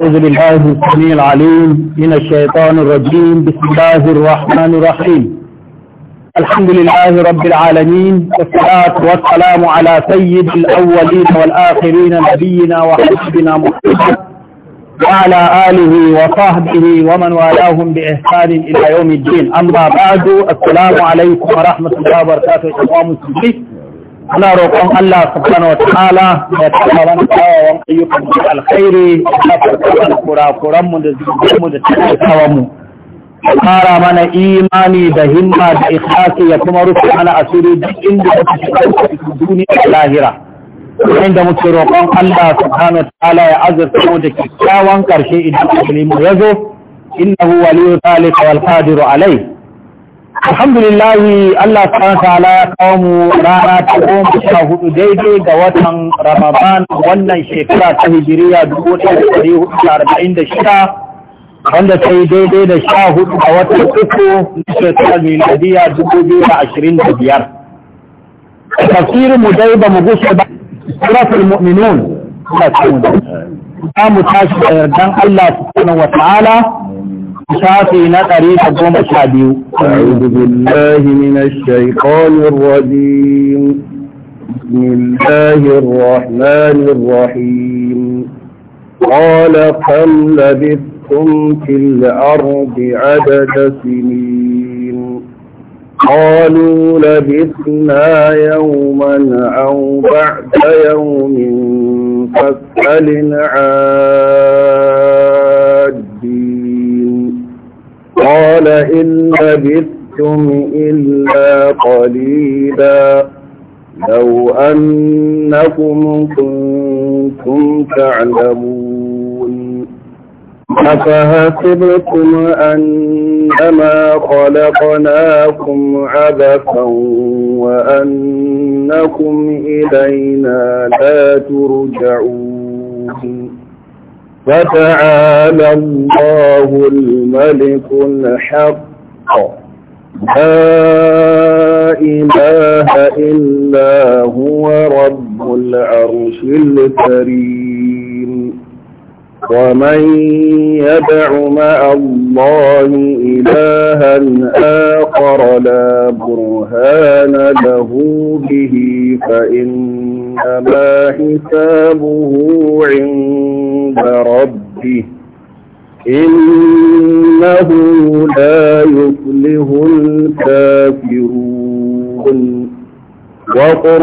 أعوذ بالله السميع العليم من الشيطان الرجيم بسم الله الرحمن الرحيم الحمد لله رب العالمين والصلاة والسلام على سيد الأولين والآخرين نبينا وحبنا محمد وعلى آله وصحبه ومن والاهم بإحسان إلى يوم الدين أما بعد السلام عليكم ورحمة الله وبركاته إخوان المسلمين ana roƙon Allah subhanahu wataala ya taɓa wani kawawan ayyukan da alkhairi ya farka da kurakuranmu da zuciyarmu da tattakawanmu mu ƙara mana imani da himma da ikhlasi ya kuma rufe mana asiri duk inda muke cikin duniya da lahira inda muke roƙon Allah subhanahu wataala ya azurta mu da kyakkyawan ƙarshe idan ajalin mu ya zo innahu waliyyu zalika wal qadiru alai. alhamdulillah Allah subhanahu ta'ala ya kawo mu rana ta goma sha hudu daidai ga watan Ramadan wannan shekara ta Hijiriya dubu ɗaya da ɗari hudu da arba'in da shida wanda ta yi daidai da sha hudu ga watan uku na shekarar miladiya dubu biyu da ashirin da biyar. Tafsirin mu dai ba mu gushe ba suratul mu'minun suna cikin mu. Za mu tashi da yardan Allah subhanahu wa ta'ala شافي نقري حكومة شابيو أعوذ بالله من الشيطان الرجيم بسم الله الرحمن الرحيم قال قل لبثتم في الأرض عدد سنين قالوا لبثنا يوما أو بعد يوم فاسأل العام قال إن لبثتم إلا قليلا لو أنكم كنتم تعلمون أفهسبكم أنما خلقناكم عبثا وأنكم إلينا لا ترجعون فتعالى الله الملك الحق لا إله إلا هو رب العرش الكريم ومن يدع مع الله إلها آخر لا برهان له به فإن إنما حسابه عند ربي إنه لا يفلح الكافرون وقل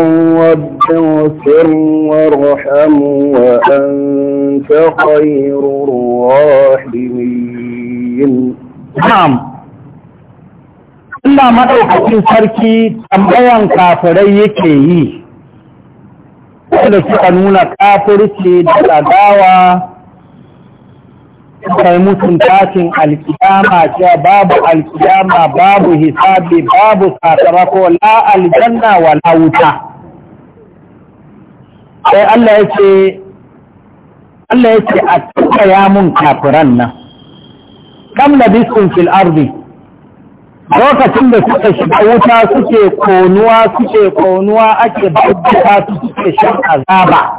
رب اغفر وارحم وأنت خير الراحمين نعم Allah maɗaukakin sarki tambayan kafirai yake yi wanda suka nuna kafirci da tsadawa kai mutum tashin alkiyama cewa babu alkiyama babu hisabi babu sakamako la aljanna wa la wuta sai Allah yake Allah ce a tsaya mun kafiran nan kam labistum fil ardi lokacin da suka shiga wuta suke konuwa suke konuwa ake babbata su suke shan azaba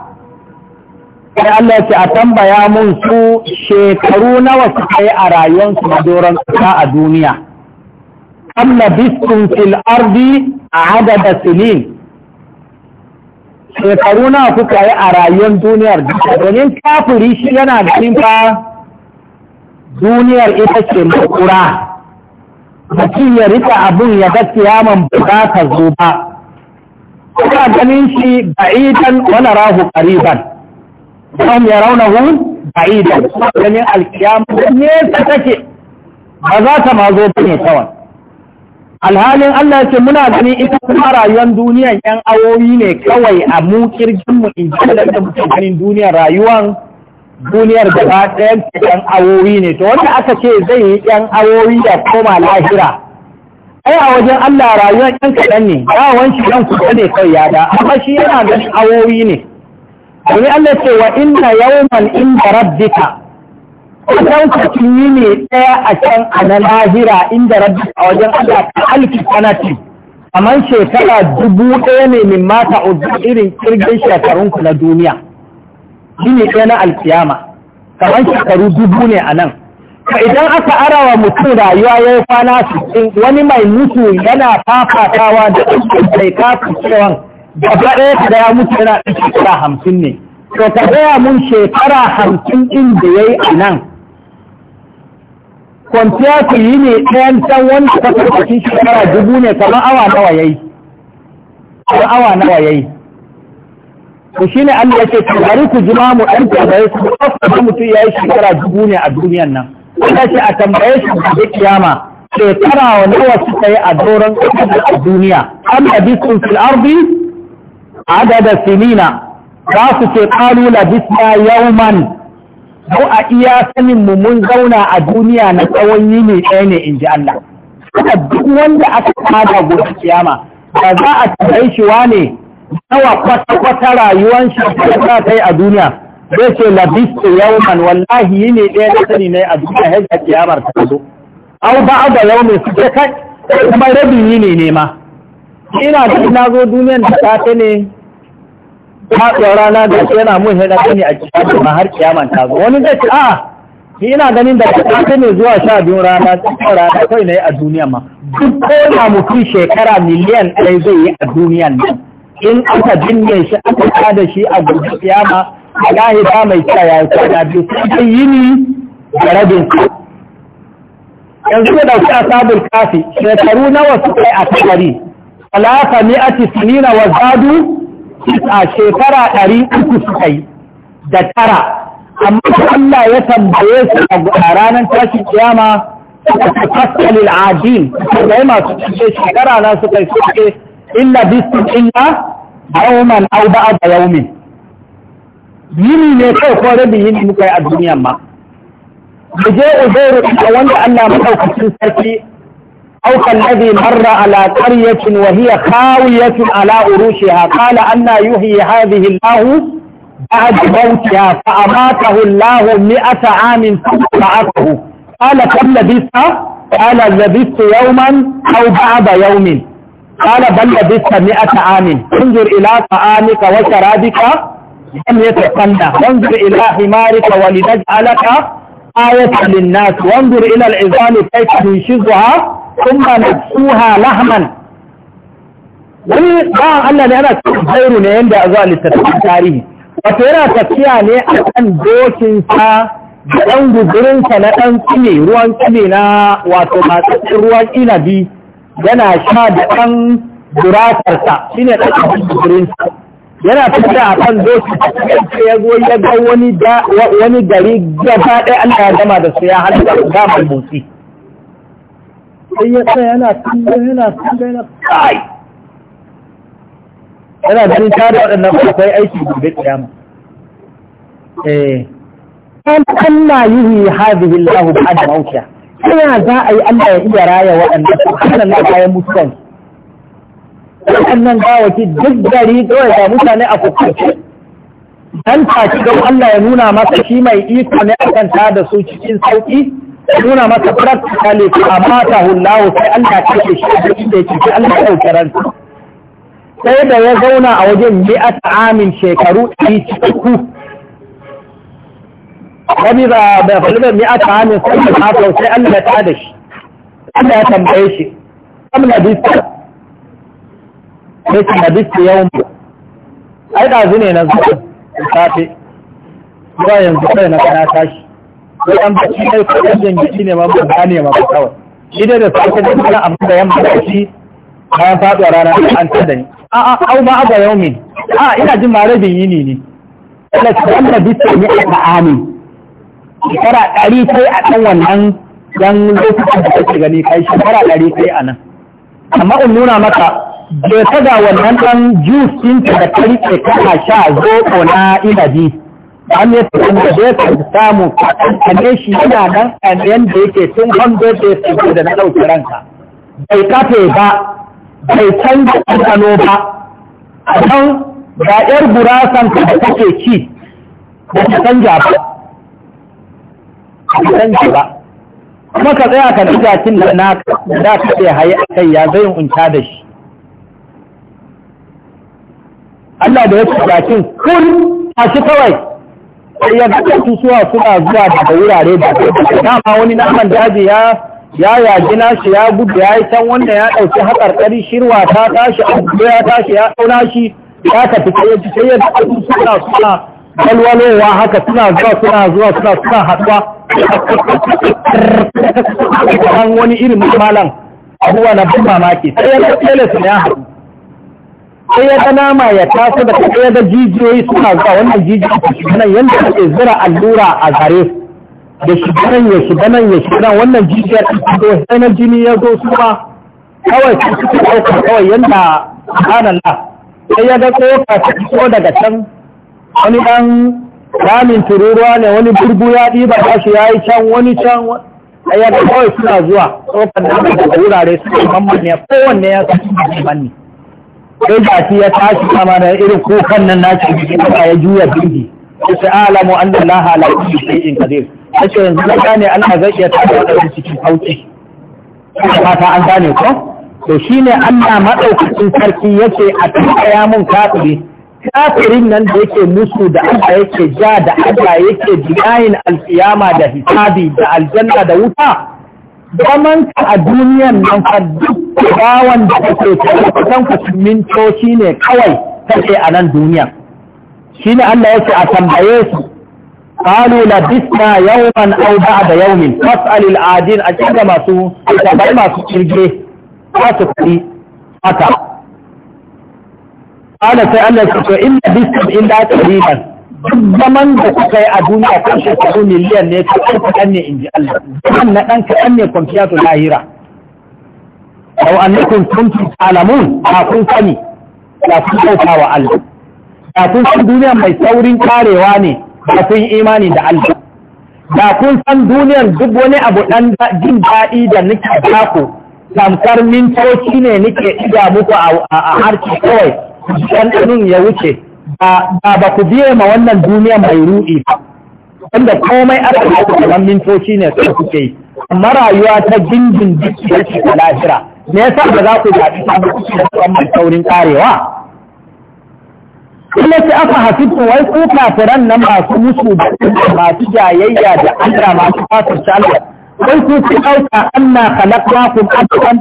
sai Allah ya a tambaya mun su shekaru nawa suka yi a rayuwarsu na doron kasa a duniya kam labistun fil ardi a adada sinin shekaru nawa suka yi a rayuwar duniyar domin kafiri shi yana ganin fa duniyar ita ce makura mutum ya rika abin ya ga kiyaman ba ta zo ba kuma ganin shi ba'idan wani rahu ƙariban don ya rauna hu ba'idan kuma ganin ne nesa take ba za ta ma zo ba ne kawai alhalin Allah ce muna ganin ita kuma rayuwar duniyan yan awoyi ne kawai a mu kirgin mu in ji da mutum ganin duniyar rayuwan duniyar gaba ɗayan ɗan awowi ne to wanda aka ce zai yi ɗan awowi da koma lahira ai a wajen Allah rayuwar ɗan kaɗan ne a shi ɗan kuɗa ne kai ya da amma shi yana da awowi ne domin Allah ce wa inna yawman inda rabbika wannan kuɗin yi ne ɗaya a can a na lahira inda rabbika a wajen Allah ta alki sanati kamar shekara dubu ɗaya ne min mata uzu irin kirgin shekarunku na duniya Gini ɗaya na alkiyama kamar shekaru dubu ne a nan idan aka arawa mutum rayuwa ya yi kwana sittin wani mai mutu yana fafatawa da ɗaukin kafin cewan gaba ɗaya da ya mutu yana ɗan shekara hamsin ne to ka gaya mun shekara hamsin ɗin da ya yi a nan kwanciya ku yi ne ɗayan can wani ta shekara dubu ne kamar awa nawa ya awa nawa ya yi to shine Allah yake to bari ku jima mu ɗan tambaye su kuma mutum yi shekara dubu ne a duniyan nan Allah ce a tambaye shi da kiyama shekara nawa suka yi a doron a duniya am labistum fil ardi adada sinina za su ce qalu labisna yawman ko a iya sanin mu mun zauna a duniya na tsawon yini ɗaya ne in ji Allah. Haka duk wanda aka kada gobe kiyama ba za a tambaye shi wane nawa kwata-kwata rayuwan shafi ta ta yi a duniya zai ce labistu man wallahi yi ne ɗaya da sani ne a duniya ya ga kiyamar ta zo au ba da yau mai suke kai kuma rabin yi ne nema ina da na zo duniyan da ta ta ne ta tsora na da yana mun ta sani a kiyamar ma har kiyamar ta zo wani zai ce a ina ganin da ta ta ne zuwa sha biyun rana ta rana kai na yi a duniya ma duk ko na mutum shekara miliyan ɗaya zai yi a duniyan nan in aka binne shi aka kada shi a gudu kiyama alahi ba mai cewa ya yi kwana biyu sai dai yini da rabin ka yanzu da dauki a sabon kafi shekaru nawa su kai a kamari talata mi'ati sinina wa zadu a shekara ɗari uku su kai da tara amma Allah ya tambaye su a ranar tashin kiyama suka fasali su kai masu cike shekara na suka yi suke illa bisu illa a yawman au ba'a da yaumin yini kai ko rabin yini muka a duniyan ma mu je uzairu a wanda Allah mu dauki sarki auka alladhi marra ala qaryatin wa hiya khawiyatun ala urushiha qala anna yuhyi hadhihi Allah ba'da mawtiha fa amatahu Allah 100 amin thumma ba'athahu qala kam labitha qala labithu yawman au yawmin قال بل لبثت مئة عام انظر إلى طعامك وشرابك لم يتقنى وانظر إلى حمارك ولنجعلك آية للناس وانظر إلى العظام كيف ننشزها ثم نكسوها لحما wani Allah ne yana cikin zairu ne yadda a zuwa tarihi wato yana tafiya ne a kan dokinsa da ɗan na ɗan tsine ruwan tsine na wato masu ruwan inabi yana sha da ɗan gurasarsa shi ne ɗan abincinsa yana fita a kan doki ta ya zo ya ga wani gari gaba ɗaya Allah ya gama da su ya hannu da gamar motsi sai ya tsaya yana tunga yana tunga yana kai yana ganin da waɗannan akwai aiki gobe kiyama eh an yi yuhi hadhihi Allahu ba'da mawtiha tana za a yi Allah ya iya raya waɗannan na bayan mutuwan waɗannan gawaki duk gari kawai ga mutane a kukurce dan tashi don Allah ya nuna masa shi mai iko ne akan ta da su cikin sauki ya nuna masa practically kamata hullahu sai Allah ta ke shi da inda yake sai Allah ya ɗauke ransa sai da ya zauna a wajen ta amin shekaru ɗari cikin wani ba bai faɗi ba mai aka hannun sai da haka sai da ta da shi da ya tambaye shi kam na bisa sai kuma bisa yawan ba ai ɗazu ne na zuwa da safe zuwa yanzu kai na kana tashi ko an shi kai ko ɗan jangiti ne ma ba ba ne ma ba kawai shi dai da safe da kuma amma da yamma da shi bayan faɗuwa rana an da ni a'a au ma aba yaumin a'a ina jin ma rabin yini ne Allah ta wannan bisa ne a amin. shekara ɗari sai a ɗan wannan yan lokacin da kake gani kai shekara ɗari sai a nan amma in nuna maka je ta ga wannan ɗan jus ɗinka da karfe kana sha zoɓo na inabi an yi tsakin da zai ka samu kane shi yana nan kanayen da yake tun hanzo da ya da na ɗauki ranka bai kafe ba bai canza ɗanɗano ba a kan ga ‘yar gurasan ka da kake ci ba ta canja ba kan ba kuma ka tsaya ka duka da na da ka ce haye kai ya zai unta da shi Allah da ya ci jakin kun a shi kawai sai ya ga tusuwa suna zuwa daga wurare da dama wani naman daji ya ya yaji nashi ya gudu ya yi can wanda ya ɗauki ƙari shirwa ta tashi abu ya tashi ya ɗauna shi ya tafi sai ya ci sai ya suna suna walwalowa haka suna zuwa suna zuwa suna suna haɗuwa kan wani irin malam abuwa na ban mamaki sai ya ga su ne haɗu sai ya ga nama ya taso da sai ya ga jijiyoyi suna zuwa wannan jijiyoyi nan yanda ake zira allura a zare da da shiganan ya shiganan ya shiganan wannan jijiyar ta zo sanar jini ya zo su ma kawai su suke ɗauka kawai yadda subhanallah sai ya ga tsoka ta fito daga can wani ɗan kamin tururuwa ne wani burgu ya ɗiba tashi ya yi can wani can ya ga kawai suna zuwa tsokar nama daga wurare suna mamman ne kowanne ya san mamman ne sai jaki ya tashi kama da irin kukan nan na ce jikin kasa ya juya birgi ya ce alamu an da laha lafi sai in kadir Ta ce yanzu na gane ana zai iya tashi da cikin sauki fata an gane ko to shine Allah maɗaukacin sarki yake a tabbaya mun kafiri kafirin nan da yake musu da Allah yake ja da Allah yake dinayin alkiyama da hisabi da aljanna da wuta zaman ka a duniyan nan fa duk bawan da kake kusan ku ne kawai kake a nan duniya shine Allah yake a tambaye su قالوا لبثنا يوما او بعد يوم فاسال العادين اجل a cikin تبعي ما سو ترجي ما haka Kala sai Allah ya ce in da bisu in da qalilan duk zaman da kuka yi a duniya kan shekaru miliyan ne to an kaɗan ne in ji Allah zaman na ɗan kaɗan ne kwamfiya to lahira lau annakum kuntum alamun a kun sani da kun kauta wa Allah da kun san duniya mai saurin karewa ne da kun imani da Allah da kun san duniyar duk wani abu ɗan jin daɗi da nake ba ku tamkar mintoci ne nake ɗiga muku a harki kawai ɗanɗanin ya wuce ba ba ku biye ma wannan duniya mai ruɗi ba wanda komai aka yi kamar mintoci ne suka kuke yi amma rayuwa ta gindin ya a lahira me yasa ba za ku zaɓi samun kuke da tsamman saurin karewa kuma sai aka hasibu wai ku kafiran nan masu musu da masu jayayya da Allah masu fasar shalwa wai ku fi ɗauka an na kalakwa kun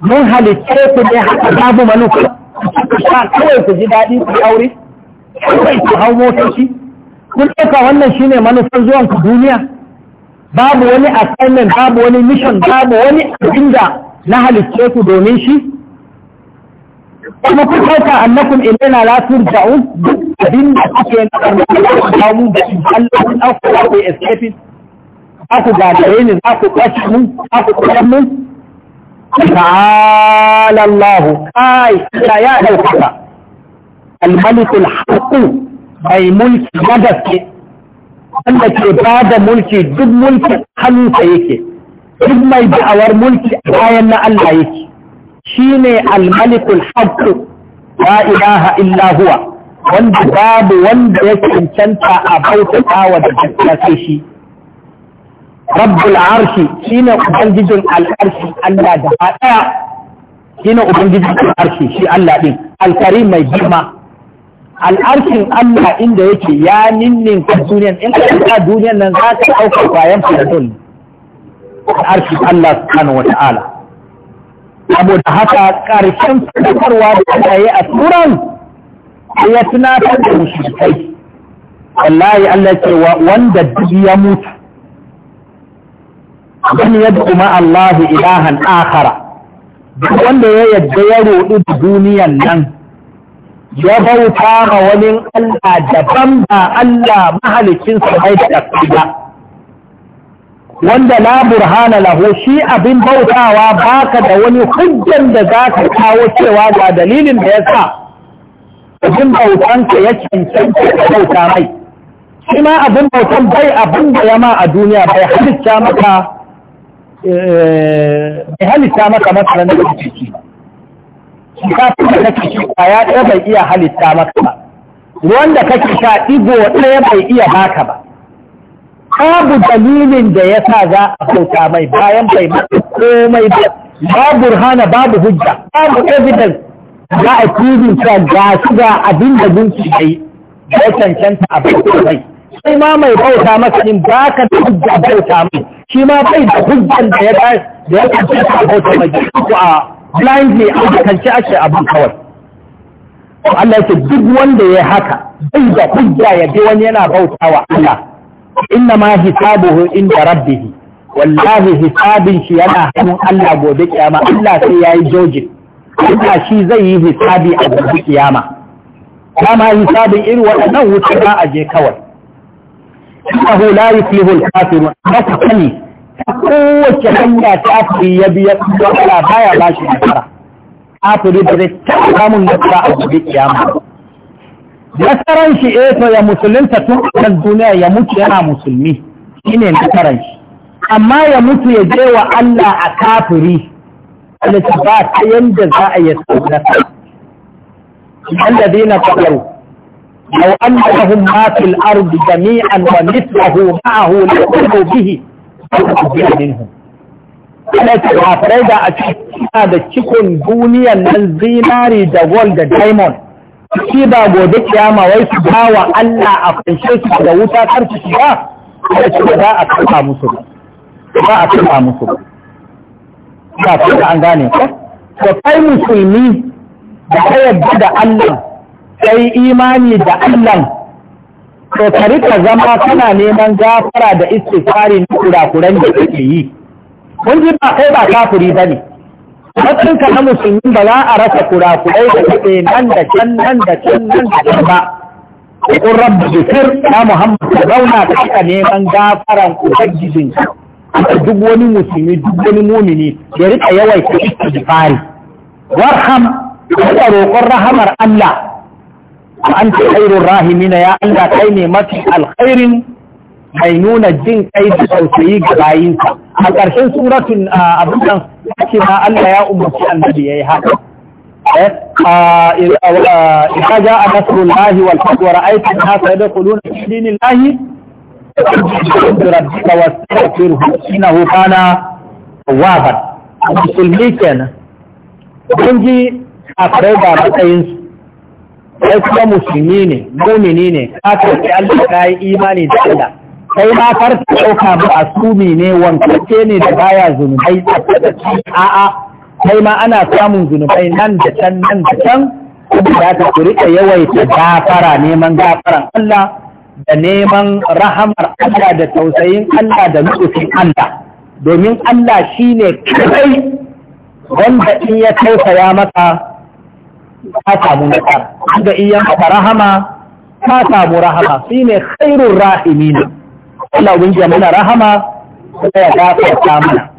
mun halicce ku ne haka babu manufa ku sha kawai ku ji daɗi ku yi aure kawai ku hau motoci kun ɗauka wannan shi ne manufar zuwan ku duniya babu wani assignment babu wani mission babu wani abinda na halicce ku domin shi kuma kun ɗauka annakum ilaina la turja'un duk abinda kuke na karnata da mu da Allah kun ɗauka ku escaping za ku gagare ni za ku kwashe mun za ku kwashe mun ta'ala Allah kai ta ya daukaka al-malik al-haqq ai mulki madaske wanda ke bada mulki duk mulki hannunsa yake duk mai da'awar mulki bayan na Allah yake shine al-malik al-haqq la ilaha illa huwa wanda babu wanda ya cancanta a bautata wa da gaskiya shi rabbul arshi shine ubangijin al'arshi Allah da haɗaya shine ubangijin al'arshi shi Allah ɗin alkarim mai girma al'arshin Allah inda yake ya ninnin ka duniyan in ka ta duniyan nan za ka ɗauka bayan fardun al'arshin Allah subhanahu wa haka ƙarshen fitarwa da aka yi a turan ya tunatar da mushrikai wallahi Allah ce wanda duk ya mutu man yad'u ma Allah ilahan akhara duk wanda ya yadda ya roɗi duniyan nan ya bauta ma wani Allah daban ba Allah mahalicin sa da ba wanda la burhana lahu shi abin bautawa baka da wani hujjan da zaka kawo cewa ga dalilin da yasa abin bautanka ya cancanta ka bauta mai shi ma abin bautan bai abin da ya ma a duniya bai halitta maka Eh, bai halitta maka masarar na kake ci kafin da kake ci kwaya ɗaya bai iya halitta maka ba ruwan da kake sha ɗigo ɗaya bai iya baka ba babu dalilin da ya sa za a bauta mai bayan bai mata komai ba babu burhana babu hujja babu evidence za a tuzin cewa ga shi ga abin da gunki bai ya cancanta a bauta mai sai ma mai bauta masa in ba ka da hujja bauta mai shi ma bai da hujjan da ya da ya a bauta mai ko a ne a kanci ake abin kawai Allah yake duk wanda ya haka bai da hujja ya bi wani yana bauta wa Allah inna ma hisabuhu inda rabbih wallahi hisabin shi yana hannun Allah gobe kiyama Allah sai yayi jojin Allah shi zai yi hisabi a gobe kiyama kama hisabin irin waɗannan wuta ba a je kawai innahu la yuflihu al-kafirun haka kani ta kowace hanya kafiri ya biya Allah baya ba shi nasara kafiri da zai taɓa samun nasara a gobe kiyama nasaran shi ya musulunta tun kan duniya ya mutu yana musulmi shine nasaran amma ya mutu ya je wa Allah a kafiri Allah ba ta yanda za a yi nasara الذين كفروا لو أن لهم ما في الأرض جميعا ومثله معه لقلوا به فأخذ منهم ana ce a farai da a cikin da cikon duniyan nan zinari da gold da diamond shi ba gobe kiyama wai su ba wa Allah a fanshe su da wuta kar su shiga da ci ba a kafa musu ba a kafa musu ba ta an gane musulmi da Allah yi imani da Allah to ka ta zama kana neman gafara da istighfari na kurakuran da kake yi kun ji ba kai ba kafiri bane matsin ka na musulmi ba za a rasa kurakurai da kake nan da can nan da can nan da can ba kun rabbi zikir ya muhammad ka zauna ka rika neman gafaran ubangijin ka duk wani musulmi duk wani mumini ya rika yawaita istighfari warham ka roƙon rahamar Allah an ta khairun rahimina ya Allah kai ne mafi alkhairin mai nuna jin kai da tausayi ga bayinsa. a ƙarshen suratun abin nan ake ma Allah ya umarci annabi yayi haka إذا جاء نصر الله والفتح ورأيت الناس يدخلون في دين الله ربك واستغفره إنه كان توابا المسلمين كان kun ji a da matsayinsu kai kuma musulmi ne mumini ne ka karɓi Allah ka yi imani da Allah kai ma kar ka ɗauka ba sumi ne wankace ne da baya zunubai a'a kai ma ana samun zunubai nan da can nan da can kuma za ta ku riƙa yawaita gafara neman gafaran Allah da neman rahamar Allah da tausayin Allah da nufin Allah domin Allah shi ne kai wanda in ya tausaya maka ka samu nasara da iya maka rahama ka samu rahama shi ne khairun rahimina Allah ubangiji mana rahama kuma ya gafarta mana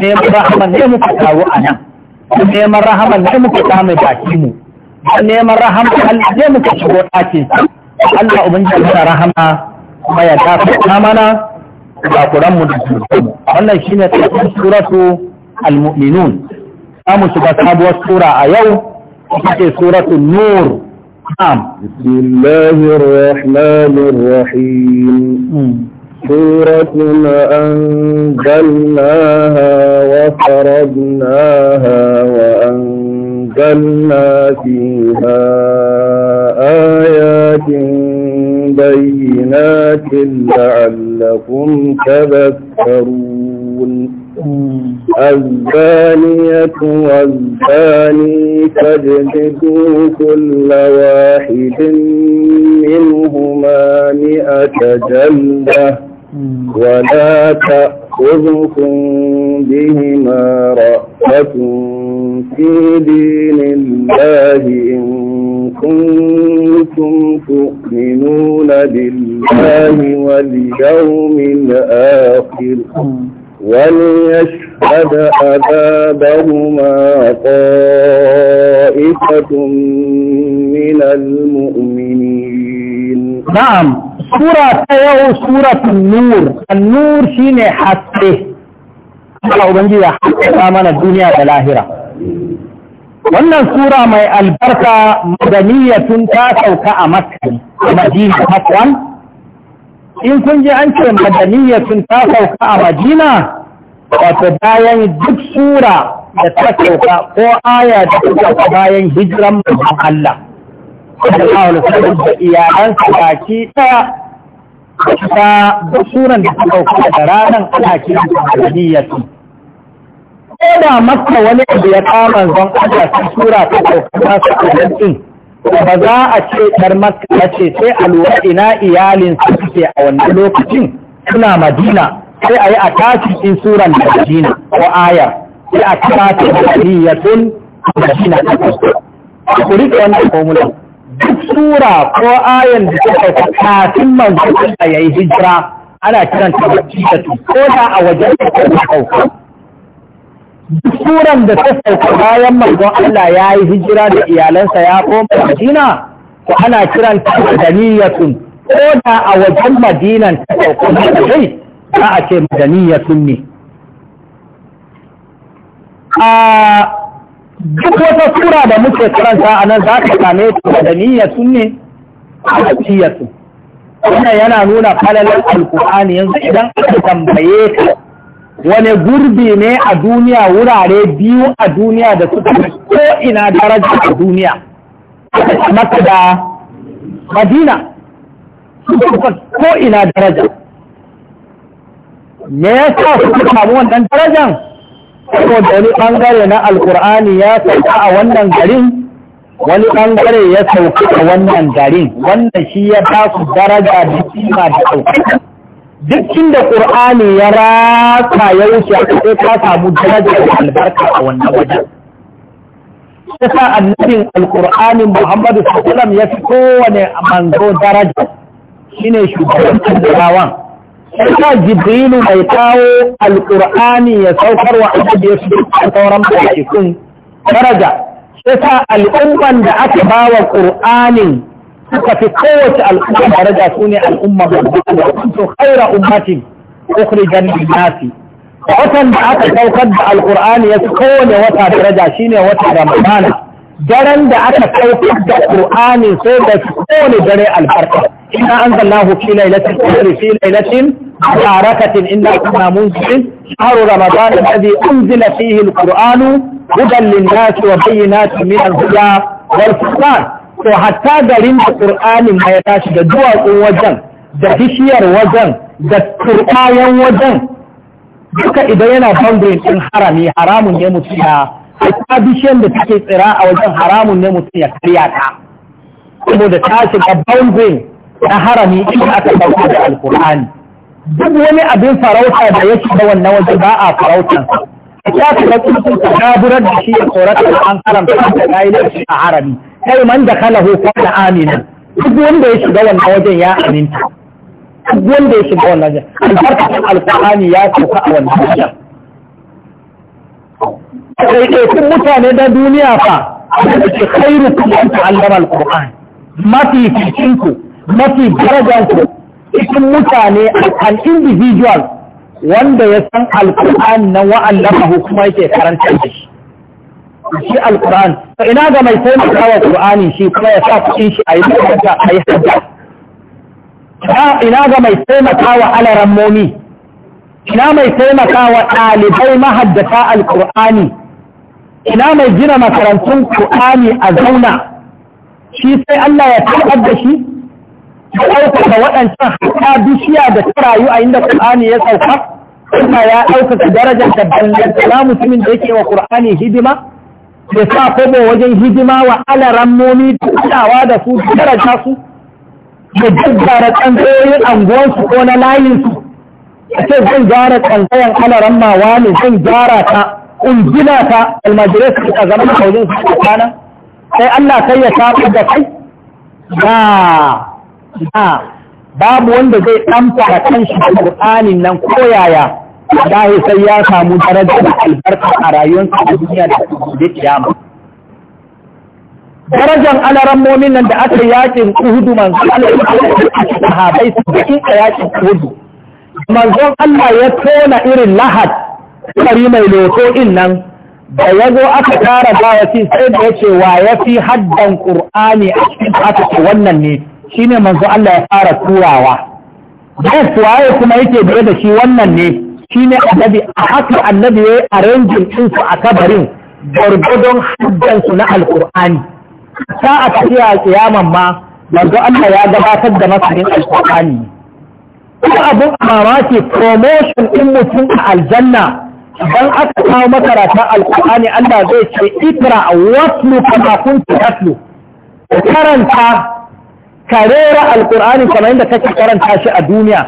neman Rahama ne muka taru a nan neman Rahama ne mu muka samu baki mu neman Rahama Allah ne muka shigo ɗakin Allah ubangiji mana rahama kuma ya gafarta mana ga kuran mu da mu wannan shine tsakin suratu al-mu'minun za mu shiga sabuwar sura a yau سورة النور نعم بسم الله الرحمن الرحيم سورة أنزلناها وفرضناها وأنزلنا فيها آيات بينات لعلكم تذكرون الزانية والزاني فاجتدوا كل واحد منهما مئة جلدة ولا تأخذكم بهما رأفة في دين الله إن كنتم تؤمنون بالله واليوم الآخر وليشهد أبابهما طائفة من المؤمنين نعم سورة تيو سورة النور النور شين حسه الله بنجي حسه آمن الدنيا والآخرة wannan sura mai albarka madaniyatun ta sauka a makka madina makka in kun ji an ce madaniya sun ta sauka a madina wato bayan duk sura da ta sauka ko aya da ta bayan hijiran mutum Allah sallallahu alaihi da iyalansa baki ta ta duk suran da ta sauka da ranar ana kiran madaniya sun ko da maka wani abu ya kama zan Allah sura ta sauka ta sauka ba za a ce ɗar ce sai a lura ina iyalin suke a wannan lokacin suna madina sai a yi a tashi in suran da madina ko ayar sai a kama ta madinatun madina ta kusa ku rike wannan formula duk sura ko ayar da suka kai kafin manzo a yayi hijira ana kiranta madinatu ko da a wajen ta kauka suran da ta sauka bayan manzon Allah ya yi hijira da iyalansa ya koma Madina ko ana kiran ta madaniyatun ko da a wajen Madinan ta sauka Madinai za a ce madaniyatun ne a duk wata sura da muke karanta a nan za ka same ta madaniyatun ne a madaniyatun wannan yana nuna falalar alkur'ani yanzu idan aka tambaye ka wane gurbi ne a duniya wurare biyu a duniya da suka ko ina daraja a duniya maka da madina suka ko ina daraja me ya sa suka samu wannan darajan da wani ɓangare na alkur'ani ya sauka a wannan garin wani ɓangare ya sauka a wannan garin wannan shi ya ba su daraja da kima da sauka duk inda ƙur'ani ya rasa ya wuce sai ka samu darajar albarka a wannan wajen sa annabin alƙur'anin muhammadu sallam ya fi kowane manzo daraja Shi ne shugaban annabawan yasa jibrilu mai kawo alƙur'ani ya saukar wa annabi ya fi sauran mala'ikun daraja yasa al'umman da aka bawa ƙur'anin suka fi kowace al'umma daraja su ne al'umma da kuntu khaira ummatin ukhrijan lin-nasi watan da aka saukar da alqur'ani ya kowane wata daraja shine wata ramadana daren da aka saukar da qur'ani sai da kowane dare albarka inna anzalnahu fi lailatin qadri fi lailatin barakatin inna kunna munzirin shahru ramadana alladhi unzila fihi alqur'anu hudan lin-nasi wa bayyinatin min al-huda wal-furqan to hatta garin da ƙur'anin ma ya tashi da duwatsun wajen da bishiyar wajen da turɓayen wajen duka idan yana bangon ɗin harami haramun ne mutum ya hatta bishiyar da take tsira a wajen haramun ne mutum ya karya ta saboda ta shiga bangon na harami inda aka ɗauka da alƙur'ani duk wani abin farauta da ya shiga wannan waje ba a farautansa ya shiga tsuntsun ta gaburar da shi ya tsoratar an karanta da kayi a harami kai man da kalahu kana aminan duk wanda ya shiga wannan wajen ya aminta duk wanda ya shiga wannan wajen albarkacin alkur'ani ya sauka a wannan wajen ɗaiɗaikun mutane na duniya fa da ke kairu kuma ta allama alkur'ani mafi fikinku mafi darajanku cikin mutane an individual wanda ya san alkur'ani na wa'allama kuma yake karanta da shi shi ina ga mai taimakawa qur'ani shi kuma ya sa shi ayi a yi hajja ina ga mai taimakawa alaran momi ina mai taimakawa ɗalibai mahaddata Alƙur'ani? ina mai gina makarantun qur'ani a zauna shi sai Allah ya tabbatar da shi ya ɗaukaka waɗancan hatta bishiya da ta rayu a inda ƙur'ani ya sauka kuma ya ɗaukaka darajar da ballan mutumin da yake wa ƙur'ani hidima ya sa kobo wajen hidima wa alaran da kulawa da su daraja su da tsangayoyin tsantsayoyin anguwansu ko na layinsu a ce zan gyara tsantsayan alaran mawa ne zan gyara ta ungina ta almajirai su a zaman kaujin su sai Allah sai ya tafi da kai ba babu wanda zai ɗanfa a kan shi da nan koyaya wallahi sai ya samu daraja albarka a rayuwarsa a duniya da gobe kiyama darajar alaran momin nan da aka yakin kuhudu manzon Allah ya sahabai su da yakin manzon Allah ya tona irin lahad kari mai loto in nan da ya zo aka tara dawaki sai da ya ce wa ya fi haddan ƙur'ani a cikin aka ce wannan ne shine manzon Allah ya fara turawa Yes, waye kuma yake biye da shi wannan ne, shi ne annabi a haka annabi ya yi a ranjin ɗinsu a kabarin gwargwadon hajjansu na alkur'ani ta a tafiya a kiyaman ma yanzu Allah ya gabatar da masarin alkur'ani kuma abin mamaki promotion ɗin mutum a aljanna idan aka kawo makarata alkur'ani Allah zai ce ikra waslu kama kunta taslu karanta karera alkur'ani kamar yadda kake karanta shi a duniya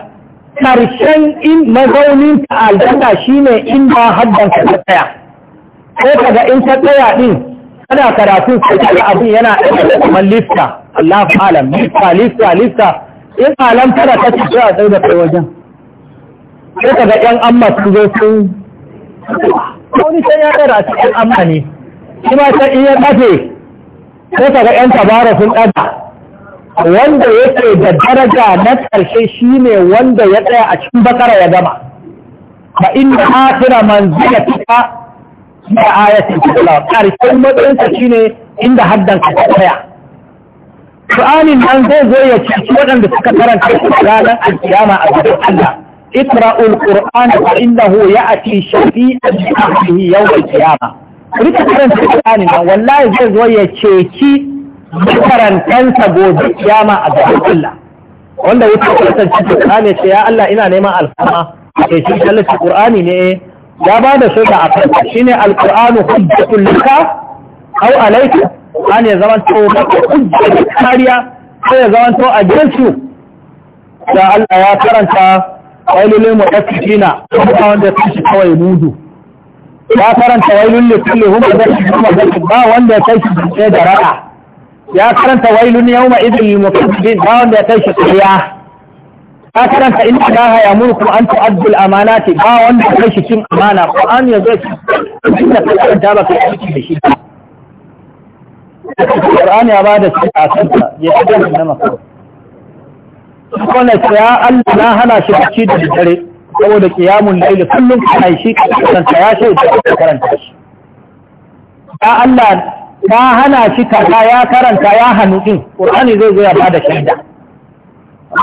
karshen in mazaunin ta aljanna shine ba haddan ka tsaya ko kaga in ka tsaya din kana karatu sai abin yana da kamar lifta Allah alam lifta lifta lifta in alam tana ta ci a tsaye da kai wajen ko kaga yan amma sun zo sun wani sai ya tsara cikin amma ne shi ma sai in ya kafe ko kaga yan tabara sun ɗaga wanda yake da daraja na ƙarshe shine wanda ya tsaya a cikin bakara ya gama fa inna akhira manzilatika ya ayatul kitab ƙarshen matsayinsa shine inda haddan ka tsaya Qur'anin nan zai zo ya ceci waɗanda suka karanta ranar al-kiyama a gaban Allah ikra'ul qur'an fa innahu ya'ti shafi'an li ahlihi yawm al-qiyamah rika karanta Al-Qur'ani nan wallahi zai zo ya ceci makarantansa gobe kiyama a gaban Allah wanda wuce kwatan cikin kame ce ya Allah ina neman alfama ke shi tallace Qur'ani ne ya ba da shaida a kan shine alqur'anu hujjatul lika aw alayka an ya zaman to hujjatul kariya sai ya zaman to a jinsu da Allah ya karanta qaulul mu'taffifina wanda shi kawai mudu ya karanta wailul likulli hum da ba wanda ya kai shi da ra'a ya karanta wailun yawma idhil lil mutaffifin ba wanda ya kai shi tsiya ya karanta inna allaha ya'murukum an tu'addu al-amanati ba wanda ya kai shi cin amana qur'ani yazo shi inda kai karanta ba kai aiki da shi qur'ani ya bada shi a kan kanta ya tsaya da maka kone ya Allah na hana shi bacci da dare saboda qiyamul layl kullum kai shi karanta ya shi karanta shi ya Allah ka hana shi kaza ya karanta ya hannu ɗin qur'ani zai zo ya bada shaida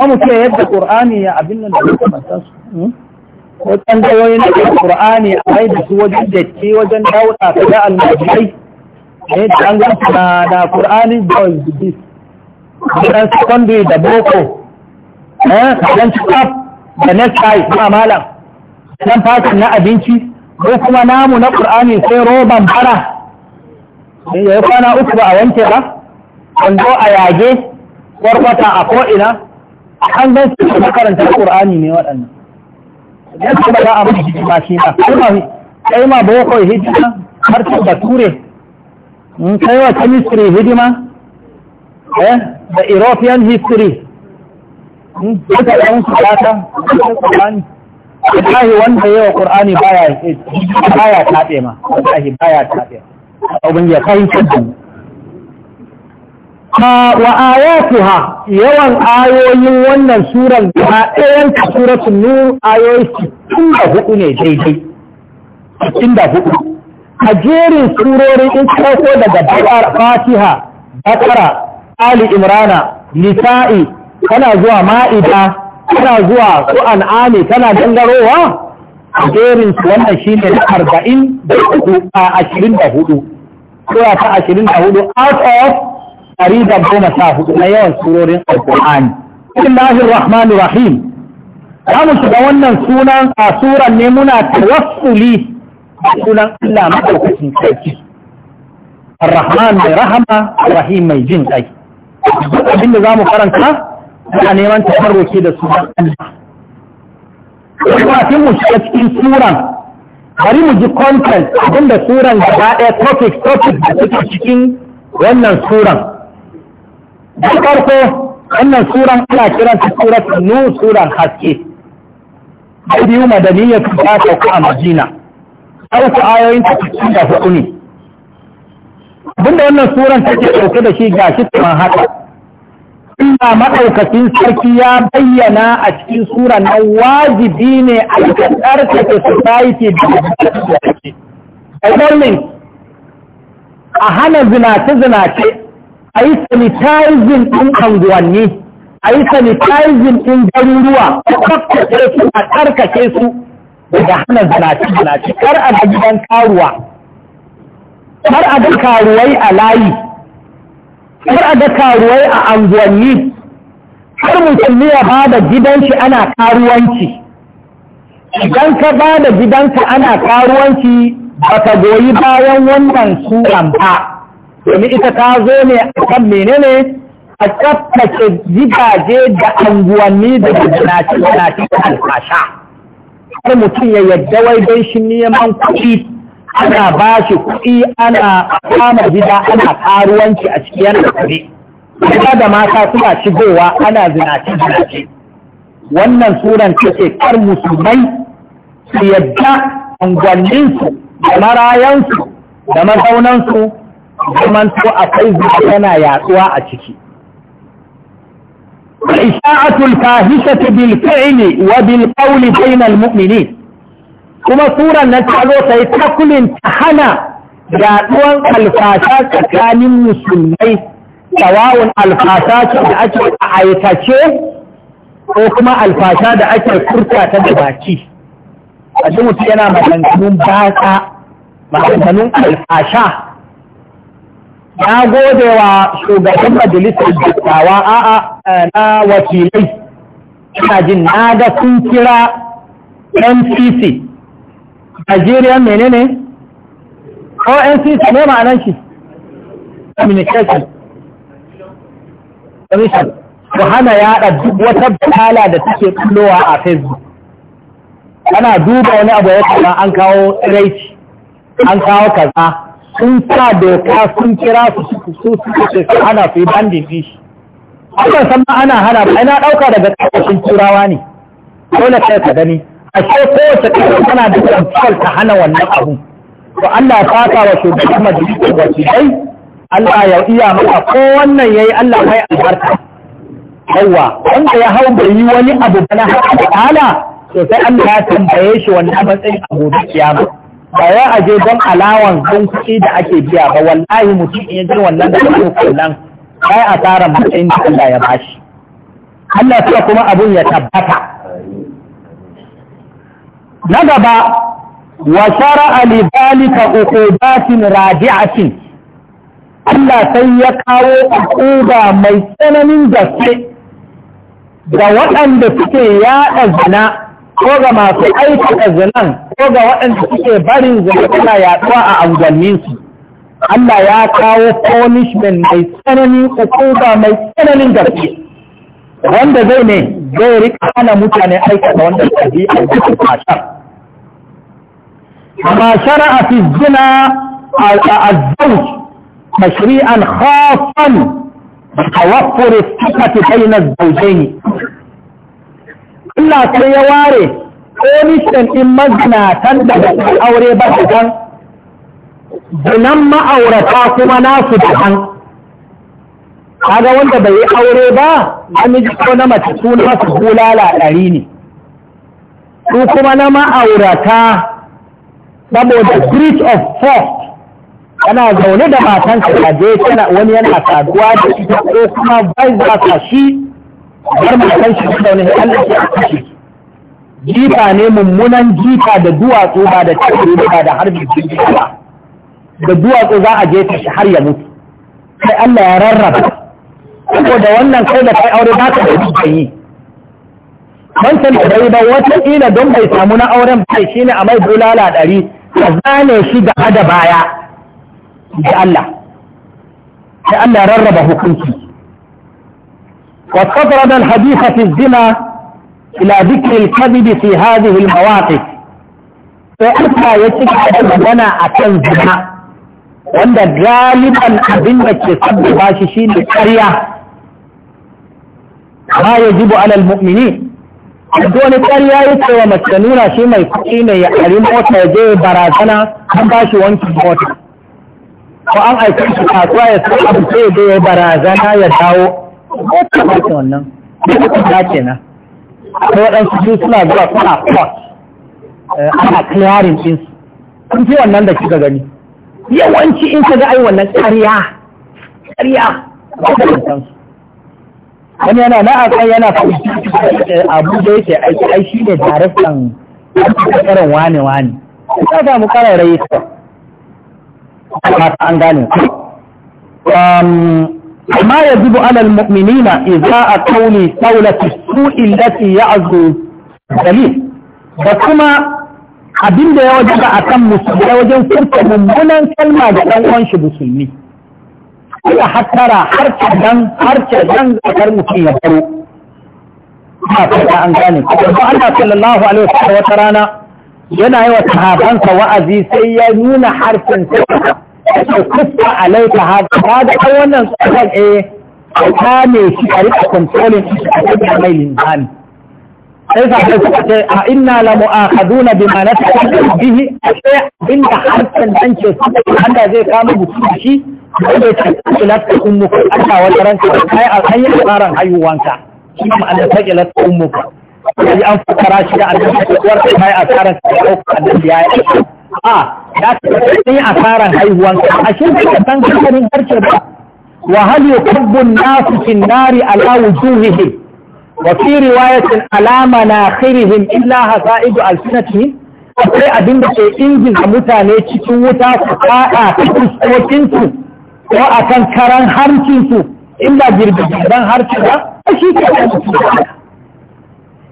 mu ce yadda qur'ani ya abin nan da ya kamata su ko hmm? tsandawoyin da qur'ani a mai da su wajen datti wajen dauda ta da almajirai ne da an gasa na da qur'ani boys bis dan secondary da boko eh dan tsaf da next High ba malam dan fashin na abinci ko kuma namu na qur'ani sai roban bara in yayi kwana uku ba a wanke ba wando a yage warkwata a ko'ina a hanzon su da karanta ƙur'ani ne waɗannan yan kuma za a mutu hijima shi ba kai ma boko hijima har ta bature in kai wa chemistry hidima eh da european history in duka yan su data ƙur'ani wallahi wanda yawa ƙur'ani baya baya taɓe ma wallahi baya taɓe ma ubangiya kayan canji ka wa ayatuha yawan ayoyin wannan suran ba ɗayan ta suratun nur ayoyi 64 ne daidai 64 a jerin surorin in farko daga bakar fatiha bakara ali imrana nisa'i kana zuwa ma'ida kana zuwa su an'ami kana dangarowa a su wannan shi ne na arba'in da hudu a ashirin da hudu ta ashirin da hudu out of ɗari da hudu na yawan surorin cikin lahir rahmanu rahim za mu shiga wannan sunan a suran ne muna tawassuli A sunan Allah maɗaukacin sarki Ar-Rahman mai rahama Rahim mai jin kai duk abin za mu karanta a neman tafarwaki da sunan Allah kafin mu shiga cikin suran bari mu ji content da suran gaba ɗaya topic topic da suke cikin wannan suran da farko wannan suran ana kiran ta surat nu suran haske da biyu madaniyar su ta sauka a madina ɗauka ayoyin ta cikin da hudu ne da wannan suran take ɗauke da shi ga shi kamar haka Allah maɗaukacin sarki ya bayyana a cikin sura na wajibi ne a tsarkake society da government a hana zinace-zinace a yi ɗin anguwanni a yi ɗin garuruwa a tsarkake su a tsarkake su daga hana zinace-zinace kar a da gidan karuwa kar a da karuwai a layi kar a ga karuwai a anguwanni har musulmi ya ba da gidanshi ana karuwanci idan ka ba da gidanka ana karuwanci ba ka goyi bayan wannan suran ba domin ita ta zo ne a kan menene a tsaftace gidaje da anguwanni da gudunaci gudunaci da alfasha har mutum ya yadda wai don shi neman kuɗi ana ba shi kuɗi ana kama gida ana karuwanci a ciki yana kuɗi kuma da mata suna shigowa ana zinace zinace wannan suran ce kar musulmai su yadda angwanninsu da marayansu da mazaunansu zamanto akwai zuwa yana yatsuwa a ciki وإشاعة الفاحشة بالفعل وبالقول بين المؤمنين kuma suran nan ta zo ta yi takulin ta hana yaduwan alfasha tsakanin musulmai tsawawun alfasha da ake a aikace ko kuma alfasha da ake furta ta da baki a ji yana maganganun baka maganganun alfasha na gode wa shugaban majalisar dattawa a'a eh, na wakilai ina jin na ga sun kira NCC Nigerian menene su ne ma'anan shi communication commission ku hana yada duk wata bala da suke kullowa a facebook ana duba wani abu ya kama an kawo tsiraici, an kawo kaza sun sa doka sun kira su su suke su hana su yi bandin shi akwai san ana hana ba ina ɗauka daga ƙarƙashin turawa ne dole kai ka gani a ko kowace ƙasa tana da control ta hana wannan abu to Allah ya fata wa shugaban majalisar dai Allah ya iya maka ko wannan yayi Allah mai albarka yawa wanda ya hau bai yi wani abu ba na haka da to sai Allah ya tambaye shi wannan matsayin abu da kiyama ba ya aje don alawan don kuɗi da ake biya ba wallahi mutum in ya ji wannan da kuma kullan sai asarar matsayin da Allah ya bashi Allah ya kuma abun ya tabbata na gaba wa shara'a li zalika a radi'atin Allah sai ya kawo ukuba mai tsananin gaske ga waɗanda suke yaɗa zina ko ga masu aikata zinan ko ga waɗanda suke barin zina yaɗuwa a anguwanninsu Allah ya kawo punishment mai tsananin ukuba mai tsananin gaske wanda zai ne zai rika ana mutane aikata wanda ɗabi'a da su fashar amma shara'a fi zina الزوج مشريعا خاصا بتوفر الثقة بين الزوجين Allah sai ya ware komishin ɗin mazinatan da ba aure ba daban, zinan ma'aurata kuma nasu daban, kaga wanda bai yi aure ba namiji ko na mace su su bulala ɗari ne su kuma na ma'aurata saboda breach of trust kana zaune da matansa a je wani yana saduwa da ita ko kuma bai za ka shi har matan shi da wani Allah ya kashe jita ne mummunan jifa da duwatsu ba da tafi ba da harbi jita da duwatsu za a je ta shi har ya mutu sai Allah ya rarraba saboda wannan kai da kai aure ba ka da duka yi wancan da bai ba wataƙila don bai samu na auren bai shi ne a mai bulala ɗari ka zane shi da da baya da Allah sai rarraba hukunci واستطرد الحديث في الزنا إلى ذكر الكذب ya cika المواقف فأنت يتكلم magana akan zina wanda galiban abin da ke sabbi ba shi shine karya. ma yajibu alal mu'minin wani ƙarya ya ce wa mace nuna shi mai kuɗi ne ya ƙari mota ya je barazana an ba shi wankin mota ko an aiki shi kasuwa ya san abu sai da ya barazana ya dawo mota ba ce wannan ya ta ce na ko waɗansu su suna zuwa suna port eh, ana clearing ɗin su kun fi wannan da kika gani yawanci in ka ga ai wannan ƙarya ƙarya ba ta wani yana na a kan yana fahimci abu da yake aiki ai shi ne daraktan karan wane wane ta samu karan rai ta an gane ما يجب على المؤمنين إذاء كون قولة السوء التي يعزو دليل وكما abin da ya waje ba a kan musulmi wajen furta mummunan kalma ga ɗan uwan shi musulmi ina hattara har cadan har cadan zakar mutum ya baro ina fata an gane kuma Allah sallallahu alaihi wasallam wata rana yana yi wa sahabansa wa'azi sai ya nuna harfin sai ya kusa alaika haka ta da ɗan wannan tsoron eh ta ne shi a rika kontrolin shi a cikin mai linzami sai sa kai suka ce a inna la mu'akhaduna bima nata'amu bihi sai inda harkan dan ke zai kama mutum shi wanda ya ummuka Allah kai a tsaran shi ma Allah ta ummuka sai an fara shi da Allah ta kai a tsaran ka ya yi a a tsaran a shi ka san harce ba wa hal yukabbu an-nasu nari ala wujuhihim وفي رواية على مناخرهم إلا حسائد ألسنتهم akwai abin da ke a mutane cikin wuta su faɗa ta fuskokinsu ko a kan karan harcinsu illa girgizan harci ba a shi ke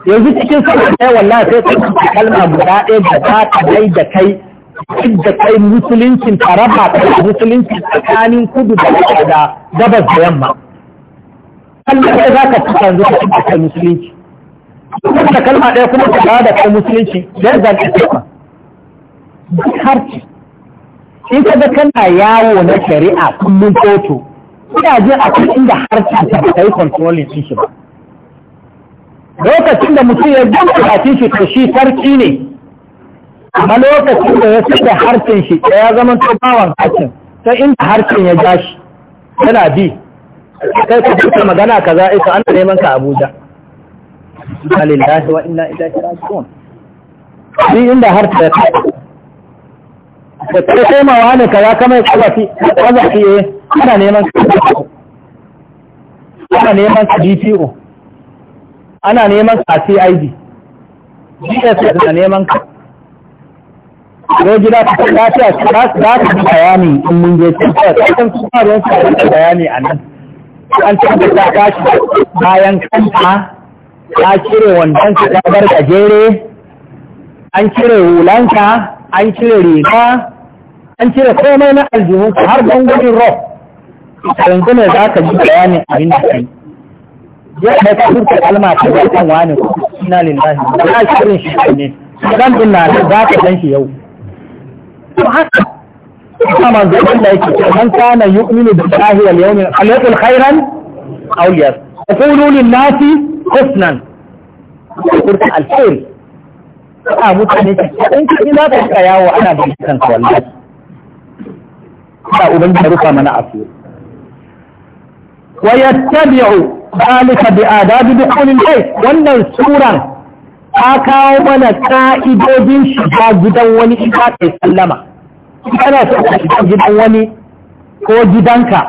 yanzu cikin sama ɗaya wallahi sai ka ci kalma guda ɗaya da za ta dai da kai duk da kai musuluncin taraba musulunci tsakanin kudu da gabas da yamma Allah kai za ka fita yanzu ka fita kai musulunci kuma kalma ɗaya kuma ka ba da kai musulunci dan zan ka fita duk harci in ka ga kana yawo na shari'a kullum kotu ina jin a akwai inda harci ta kai controlling din shi ba lokacin da mutum ya gina bakin shi to shi sarki ne amma lokacin da ya saka harshen shi ya zama to bawan harshen sai inda harshen ya ja shi yana bi kai ka duka magana ka kaza ita an neman ka Abuja alillahi wa inna ilaihi raji'un ni inda har ta ta ta sai ma wani kaza kamar kazafi kazafi eh ana neman ka ana neman ka DPO ana neman ka CID ana neman ka ko gida ta lafiya za ta bayani in mun je ta ta san su ba ruwan bayani a nan an tabbata ka shi bayan kanta ta cire wandon ka bar gajere an cire hulanka an cire riga an cire komai na aljihunka har gudun rock yanzu ne za ka ji bayanin abin da kai ya da ka furta kalma ta kan wani ina lillahi ba shirin shi ne zan bin na za ka san shi yau to haka kuma manzo Allah yake ce man kana yu'minu billahi wal yawmil akhir khairan aw liyas qulu lin nasi husnan kurta alkhair a ah, mutane ce in ka ji za ka tsaya wa ana bincikan ka wallahi uban ubangiji rufa mana asiri wa yattabi'u zalika bi adabi dukhul al-bayt wannan suran ta kawo mana ka'idodin shiga gidan wani in kai sallama kana so gidan wani ko gidanka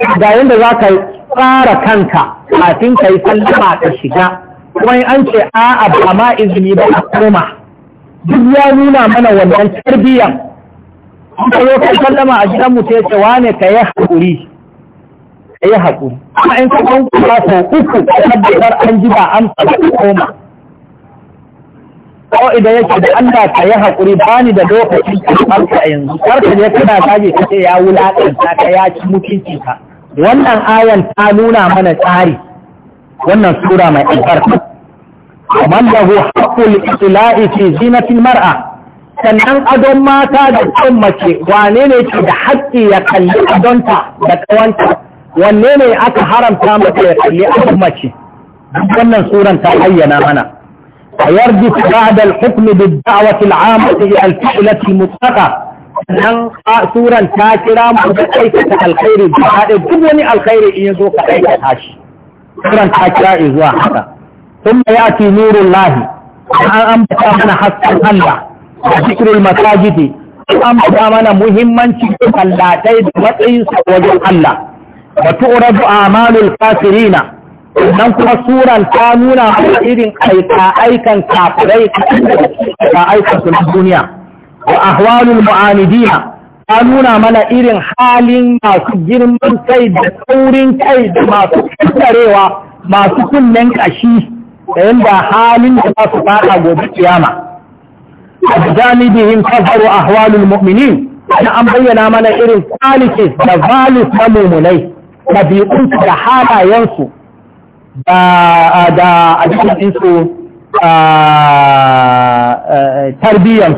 ga yadda za ka tsara kanka kafin ka yi sallama ka shiga kuma an ce a'a ba ma izini ba a koma duk ya nuna mana wannan tarbiyyan an ka zo sallama a gidan mu sai ce wane ka yi haƙuri ka yi haƙuri kuma in ka kan kula sau uku ka tabbatar an ji ba an ka koma Koida yake da Allah ka yi haƙuri ba ni da lokacin karɓarka a yanzu karka ne kana zage ka ce ya wulaƙanta ka ya ci mutunci ka wannan ayan ta nuna mana tsari wannan sura mai albarka kamar da haƙul isla'i fi zinatin mar'a sannan adon mata da kan mace wane ne ke da haƙƙi ya kalli adonta da ƙawanta wanne ne aka haramta mace ya kalli adon mace wannan suran ta ayyana mana ويردف بعد الحكم بالدعوة العامة إلى الفعلة المطلقة nan suran ta kira mu da aikata alkhairi da haɗe duk wani alkhairi in yazo ka aikata shi suran ta kira zuwa haka sun mai ati nurun an ambata mana hasken Allah da zikirul masajidi an ambata mana muhimmanci. sallatai da matsayin su wajen Allah wa tu'radu amalul kafirina nan kuma suran ta nuna irin aika aikan kafirai da aikan su duniya wa ahwalul mu'anidina ta nuna mana irin halin masu girman kai da saurin kai da masu kasarewa masu kunnen kashi da yadda halin da za su fada gobe kiyama a janibihim kafaru ahwalul mu'minin da an bayyana mana irin qualities da valis na mumunai ɗabi'unsu da halayensu da a su tarbiyyar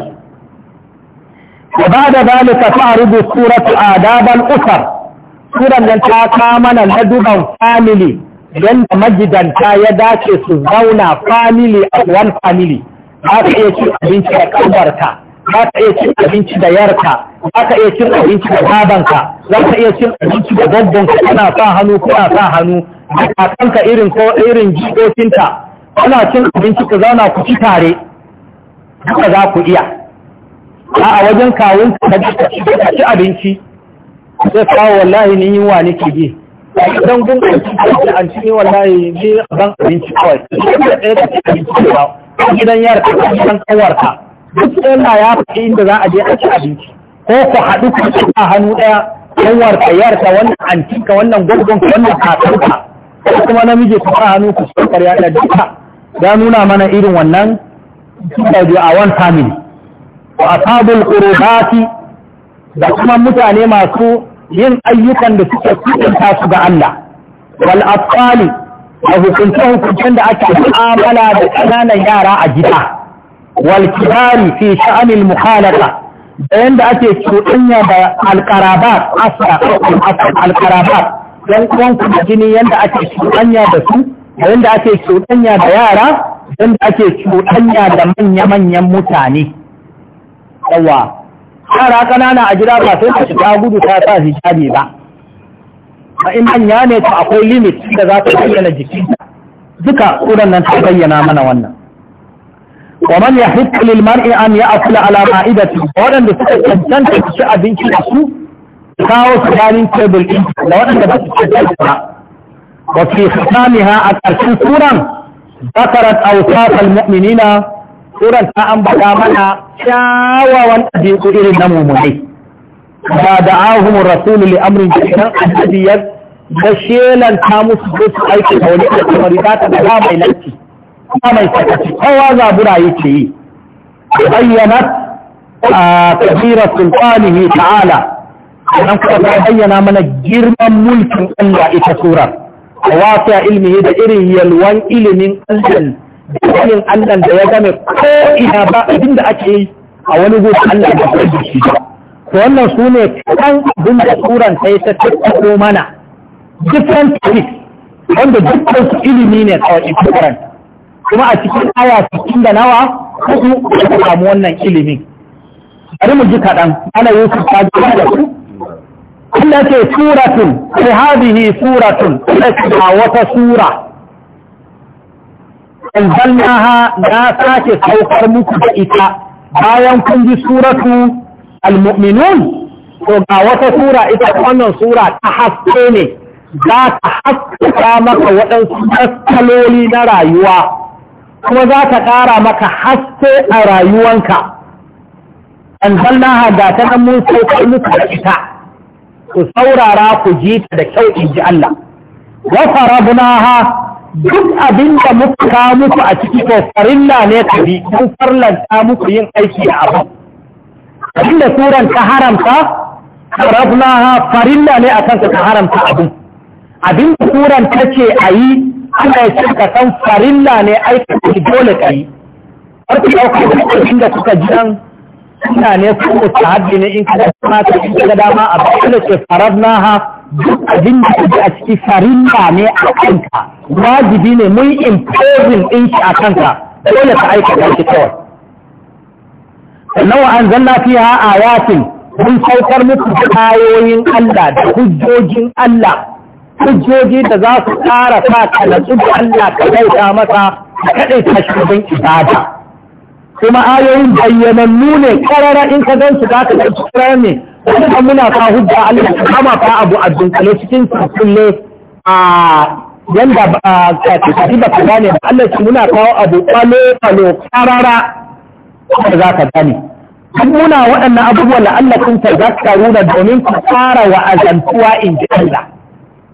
su ba da zalika ta'rudu suratu adaban usar suran nan ta kama na laduban family yanda majidanta ya dace su zauna famili a one family ba ka iya cin abinci da kalbarka ba ka iya cin abinci da yarka ba ka iya cin abinci da babanka za ka iya cin abinci da gaggonka kana sa hannu kuna sa hannu kanka irin ko irin jikokinta ana cin abinci ku zauna ku ci tare duka za ku iya a wajen kawun ka ci abinci sai kawo wallahi ni yunwa nake ji idan gun abinci an ci ni wallahi ni ban abinci kawai ɗaya da ci abinci ba gidan yar ka gidan kawarka duk yana ya fi inda za a je a ci abinci ko ku haɗu ku ci a hannu ɗaya kawarka yarka wannan antinka wannan gwaggon wannan kakarka ko kuma namiji ku sa hannu ku tsakar ya da duka ya nuna mana irin wannan suka biyu a one family wa ashabul qurbati da kuma mutane masu yin ayyukan da suke kusanta su ga Allah wal afali a hukunce hukuncen da ake mu'amala da ƙananan yara a gida wal kibari fi sha'anil muhalata da yanda ake cuɗanya da alƙarabat asra Yan uwanku da jini yadda ake cuɗanya da su da yadda ake cuɗanya da yara yadda ake cuɗanya da manya-manyan mutane yawa yara ƙanana a jira ba sai ta shiga gudu ta sa hijabi ba ba in manya ne to akwai limit da za ta bayyana jiki duka ƙudan nan ta bayyana mana wannan ومن يحق للمرء ان ياكل على مائدته وان يستطيع أن تنتهي أبنك su. kawo tsakanin tebul ɗin da waɗanda ba su cikin ba wa fi a ƙarshen suran zakarat ausafal mu'minina suran ta ambata mana kyawawan ɗabi'u irin na mummunai ba da ahun rasulu li amrin jikin annabi ya da shelan ta musu zo aiki da wani al'amari za ta da mai lanci kuma mai sakaci kowa zabura yake yi bayyana a kabira sultanihi ta'ala sannan kuma ta bayyana mana girman mulkin Allah ita sura. a ilimi da irin yalwan ilimin Allah ilimin Allah da ya game ko ina ba abin da ake yi a wani gudu Allah da kuma da shi to wannan su ne kan abin da suran ta yi ta mana different topics wanda dukkan su ilimi ne kawai different kuma a cikin aya cikin da nawa ko su samu wannan ilimin bari mu ji kaɗan ana yusuf ta gina da su Allah ce suratun sai hadihi suratun a wata sura anzalnaha na sake saukar muku da ita bayan kun ji suratu almu'minun to ga wata sura ita wannan sura ta haske ne za ta haskaka maka waɗansu matsaloli na rayuwa kuma za ta ƙara maka haske a rayuwanka anzalnaha ga ta nan mun saukar muku da ita ku saurara ku ji ta da kyau in ji Allah wa ha duk abin da muka ka muku a ciki to farilla ne ka bi kun farlanta muku yin aiki a abu abin da turan ta haramta farin farilla ne akan ka ta haramta abu abin da turan ta ce a yi Allah ya ce ka san farilla ne aiki dole ka yi. Farko ɗaukar abin da kuka ji an ina ne su mustahabbi ne in kada su ka in kada dama a bakin da ke faradna ha duk abin da kake a ciki farilla ne a kanka wajibi ne mun imposing din shi a kanka dole ka aikata shi kawai sannan wa anzalna a ayatin mun saukar muku ayoyin Allah da hujjojin Allah hujjoji da za su ƙara sa ka natsu da Allah ka bauta masa ka ta shi ibada kuma ayoyin bayyanannu ne karara in ka gan su za ka gan karara ne Kuma muna fa hujja Allah ka kama fa abu a dunkule cikin kulle a yanda kaji ba ka gane ba Allah shi muna kawo abu kwalo kwalo karara Kuma za ka gane Kuma muna waɗannan abubuwan da Allah kun ta zakaru da domin ku fara azantuwa in ji Allah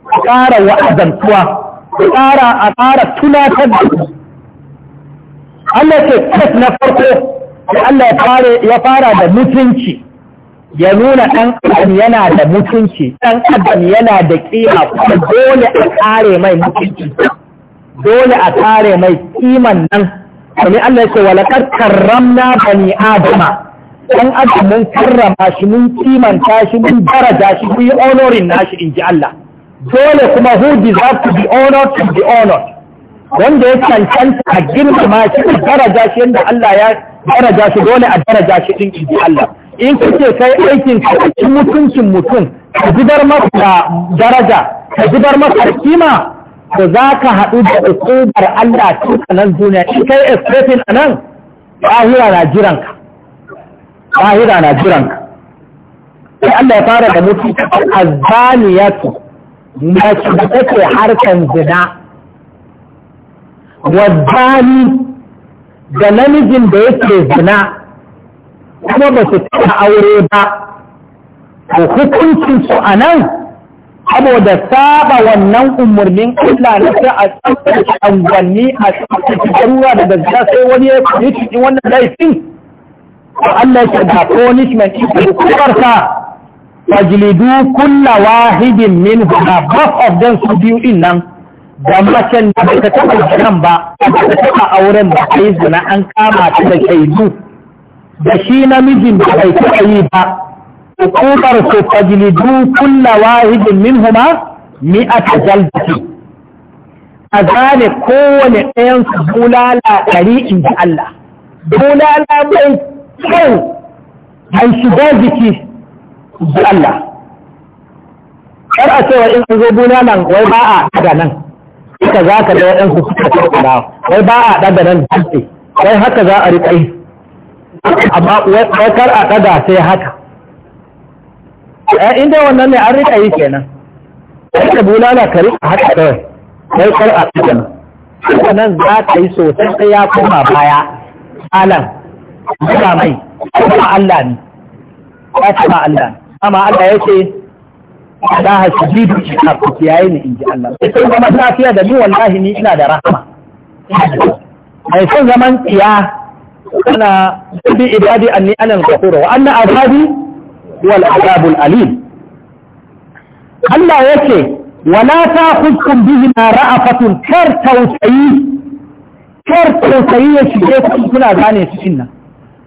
ku fara azantuwa. ku fara a fara tunatar da ku Allah ce kas na farko da Allah ya fara da mutunci ya nuna ɗan adam yana da mutunci ɗan adam yana da ƙima kuma dole a kare mai mutunci dole a kare mai ƙiman nan kuma Allah ce walakar karramna bani adama ɗan adam mun karrama shi mun kimanta shi mun daraja shi ku yi honorin nashi in ji Allah dole kuma who deserve to be honored to wanda ya cancanta a girma shi a daraja shi yadda Allah ya daraja shi dole a daraja shi din inji Allah in kace kai aikin ka cikin mutuncin mutum ka gidar masa daraja ka gidar masa kima to za ka haɗu da ukubar Allah cikin a nan duniya in kai escaping a nan na na ka. bahira na jiran ka. sai Allah ya fara da mutum azzaniyatu mace da take harkan zina wadani da namijin da yake zina kuma ba su ta aure ba ko hukuncin su a nan saboda saba wannan umarnin Allah na sai a tsaftace angwanni a tsaftace ruwa daga zina sai wani ya yi cikin wannan laifin to Allah ya da punishment ɗin hukumar ka wajilidu kulla wahidin min ba both of them su biyu din nan da macen da ba ta taɓa kan ba ba ta taɓa auren ba a yi zina an kama ta da shaidu da shi namijin da bai taɓa yi ba hukumar su fajlidu kulla wahidin minhuma huma mi a zane kowane ɗayan su bulala ɗari in ji Allah bulala mai kyau an shiga jiki ji Allah kar a cewa in zo bulalan wai ba a daga nan haka za ka da waɗansu suka tattara wai ba a ɗaga nan dutse wai haka za a riƙa yi amma wai kar a ɗaga sai haka eh, inda wannan ne an riƙa yi kenan wai ka bulala ka riƙa haka kawai wai kar a ɗaga nan nan za ka yi sosai sai ya koma baya alam ba mai kuma Allah ne ba ta ba Allah ne amma Allah ya ce da hasidu a kuki yayi ni inji Allah sai zama lafiya da ni wallahi ni ina da rahama mai son zaman tsiya ana bi ibadi anni ana al-ghafur wa anna azabi wal azabul alim Allah yake wala ta'khudkum bihi ra'afatun kar tausayi kar tausayi ya shige ku kuna gane su inna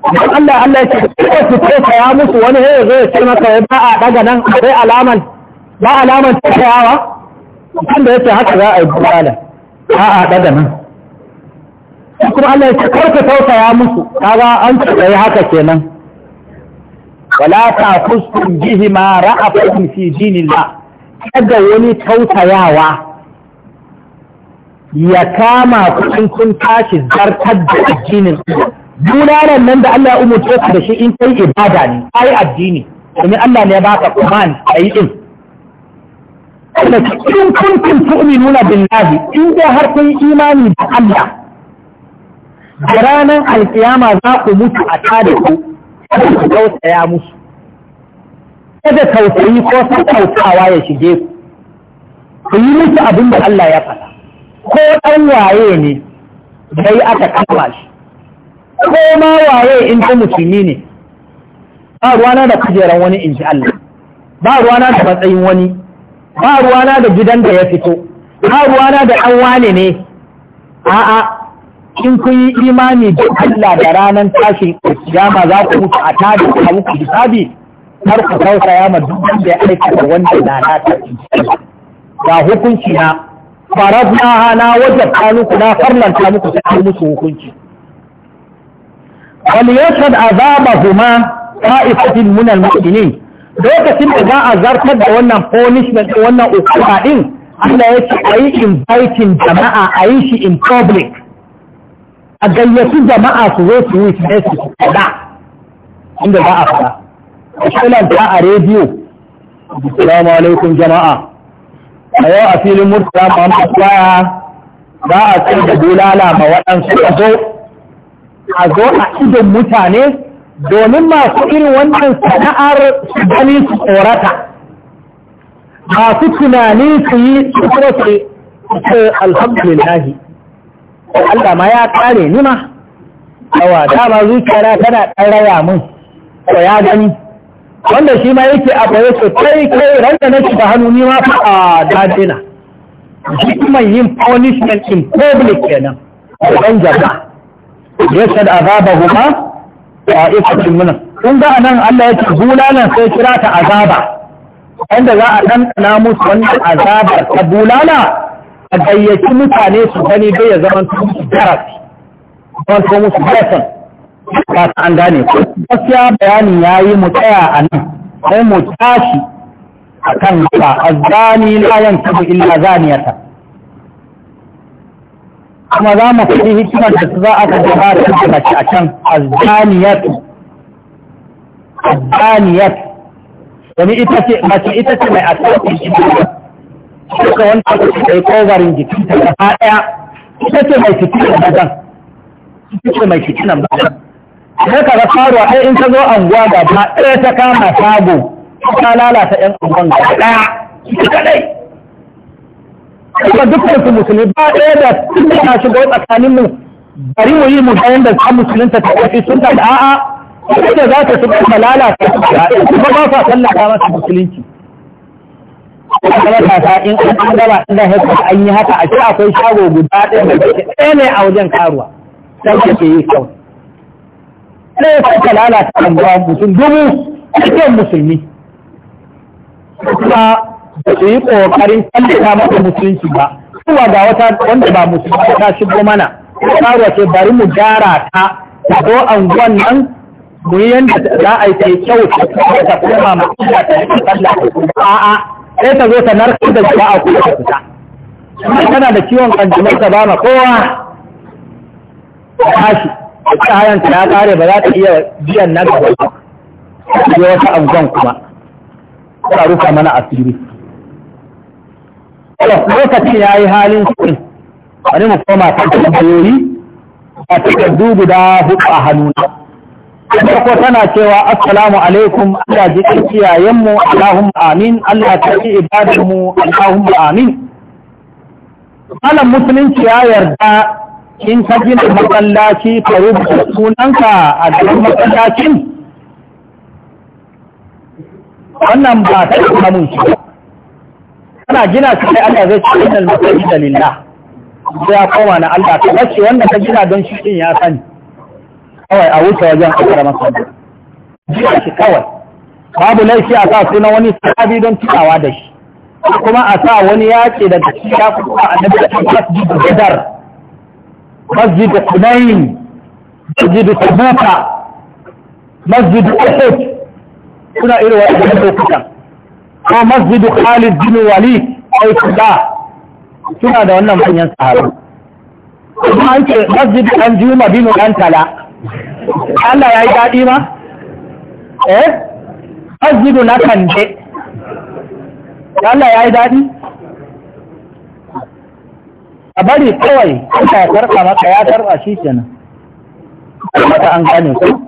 Allah Allah yake ku ya musu wani yayin zai ce maka ba a daga nan akwai alaman ba alamar tashayawa kan da yake haka za a yi bukala a a daga nan kuma Allah ya ce karka tausaya musu kaga an ce kai haka kenan wala ta fuskun bihi ma ra'afin fi dinillah kada wani tausayawa ya kama kuɗin kun tashi zartar da addinin bularan nan da Allah ya umurce da shi in kai ibada ne yi addini domin Allah ne ya baka command a yi din in kuntum tu'minuna billahi in dai har kun imani da Allah da ranar alkiyama za ku mutu a tada ku kada ku tausaya musu kada tausayi ko san tausawa ya shige ku ku yi musu abin da Allah ya faɗa ko ɗan waye ne dai aka kama shi ko ma waye in ta musulmi ne ba ruwana da kujeran wani in ji Allah ba ruwana da matsayin wani ba ruwana da gidan da ya fito ba ruwana da ɗan wane ne a'a in kun yi imani da Allah da ranar tashin kiyama za ku mutu a tada a muku hisabi har ku tausaya ma duk wanda ya aikata wanda na na ta ga hukunci na farafna na wajen muku na farlanta muku kai musu hukunci Wani wal yashhad azabahuma ta'ifatin min al-mu'minin lokacin da za a zartar da wannan punishment wannan ukuwa din Allah ya ce a yi inviting jama'a a yi shi in public a gayyaci jama'a su zo su yi su su kada inda za a fara a shilanta a rediyo assalamu alaikum jama'a a yau a filin murtala muhammad waya za a tsaye da bulala ma waɗansu a zo a zo a idon mutane domin masu irin wannan sana'ar su gani su tsorata masu tunani su yi tsorata su ce alhamdulillahi Allah ma ya kare ni ma wata ba zuciyara tana ɗaraya mun. ko ya gani wanda shi ma yake a baye su kai kai randa na shiga hannu ni ma fa a dajina shi kuma yin punishment in public kenan a ɗan jaba yasad azabahuma ta'ifatin min In ba anan Allah ya ce bulalan sai kira ta azaba inda za a ɗanɗana musu wannan azabar ta bulala a gayyaci mutane su gani bai ya zama musu darasi zama musu darasin ba ta an gane ko gaskiya bayani ya yi mu tsaya a nan sai mu tashi a kan gaba azzani la yantabu illa zaniyata kuma za mu kudi hikimar da za a ka gabatar da mace a can azaniyat azaniyat wani ita ce mace ita ce mai asali jiki suka wani ta kai kovarin jikin ta gaba ɗaya ita ce mai fitinan bazan ita ce mai fitinan bazan sai ka ga faruwa ai in ka zo anguwa gaba ɗaya ta kama sabo ta lalata 'yan anguwan gaba ɗaya ita kadai kuma dukkan su musulmi ba ɗaya da tunda na shigo tsakanin mu bari mu yi mu ga yanda ta musulunta ta kafi sun ta a'a da za ta shigo ta lalata kuma ba sa sallaka masa musulunci kuma ta in an gaba inda haka an yi haka a ce akwai shago guda ɗaya da ke ɗaya ne a wajen karuwa sai ke yi kawai sai ya lalata anguwa mutum dubu cikin musulmi kuma ba su yi ƙoƙarin tallata maka musulunci ba kuma ga wata wanda ba musulunci ta shigo mana karuwa ce bari mu gyara ta ta zo gwan nan mu yi yadda za a yi ta yi kyau ta kuma ma ta yi a a'a sai ta zo ta narkar da zuwa a kuma fita Kuma tana da ciwon kanjumar ta ba ma kowa ta kayan ta kare ba za ta iya biyan na gaba ba wata angon kuma ta rufa mana asiri lokacin ya yi halin kuɗi wani mu koma tambayoyi a guda hudu a hannuna farko tana cewa assalamu alaikum Allah ji kiyayenmu Allahumma amin Allah ta yi Allahumma amin malam musulunci ya yarda in ka gina masallaci ka rubuta sunanka a cikin masallacin wannan ba ta samun shi ba ana gina su sai Allah zai ce innal masajida lillah ya koma na Allah ta bace wanda ka gina don shi din ya sani kawai a wuce wajen akara masajid gina shi kawai babu laifi a sa sunan wani sahabi don tunawa da shi kuma a sa wani yaƙi da shi ya kuma annabi da masjid badar masjid hunain masjid tabuka masjid uhud kuna irin waɗannan lokutan ko masjidu Khalid bin Walid ai kuda suna da wannan manyan sahabi. kuma an ce masjidu an bin Antala tala Allah ya yi daɗi ma eh masjidu na kande Allah ya yi daɗi a bari kawai kuka ya maka ya karba shi kenan mata an gane ku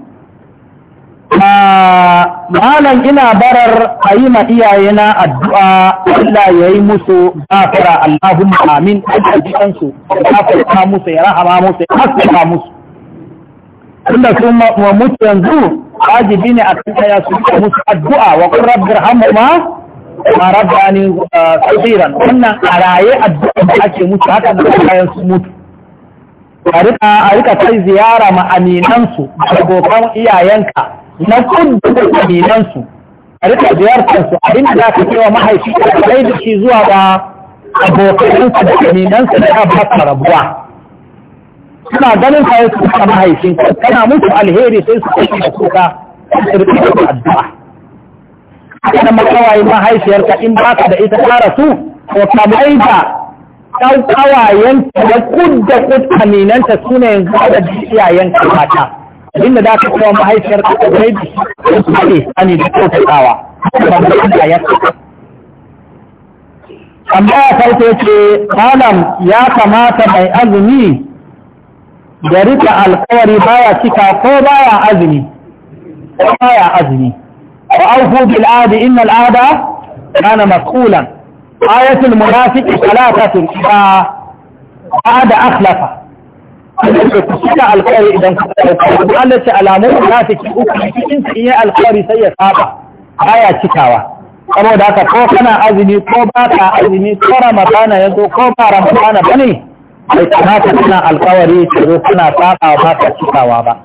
malam ina barar a yi ma iyayena addu'a Allah ya yi musu gafara Allahumma amin a jikansu ya gafarta musu ya rahama musu ya haskaka musu tunda su wa mutu yanzu wajibi ne a kan kaya su yi musu addu'a wa kun rabbi rahamuma ma rabbani sabiran uh, wannan a raye addu'a da ake musu haka na kayan su mutu a rika kai ziyara ma aminansu da abokan iyayenka na kudu kabilansu a rika ziyartarsu abinda za ka kewa mahaifi a kai da shi zuwa ga abokanansa da kabilansa da ya ba rabuwa suna ganin kawai su ta mahaifin kana musu alheri sai su kashi da kuka su rika da addu'a Kana da makawayin mahaifiyarka in baka da ita ta rasu ko ta maida ɗaukawayen da kudda kudka minanta suna yanzu da jiyayen kamata. abinda da aka kuma mahaifiyar ka kwarai su ne ani da kyautatawa da ya amma a farko ce malam ya kamata mai azumi da rika alkawari baya cika ko baya azumi ko baya azumi wa aufu bil adi inna al ada kana masqulan ayatul munafiqi salatatu ba ada akhlafa ku cika alkhairi idan ku ɗauka Allah ce alamun munafiki uku cikin su iya alkhairi sai ya saba baya cikawa saboda haka ko kana azumi ko ba ka azumi ko ramadana ya zo ko ba ramadana ba ne bai kamata kana alkawari ka zo kana saba ba ka cikawa ba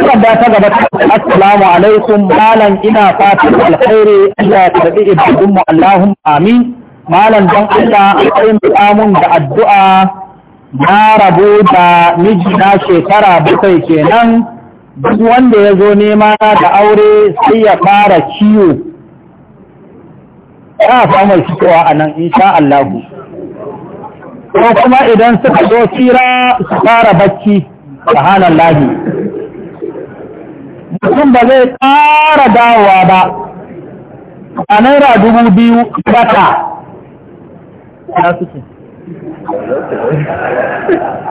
Tabbata ta gaba ta assalamu alaikum malam ina fatan alkhairi Allah ya karbi ibadun mu Allahumma amin malam dan Allah a tsayin da addu'a ya rabu da mijina shekara bakwai kenan duk wanda ya zo nema da aure sai ya fara ciwo ya shi fitowa a nan insha Allahu ko kuma idan suka zo tsira su fara bacci hannun lahi mutum ba zai ƙara dawowa ba a naira dubu biyu bata na suke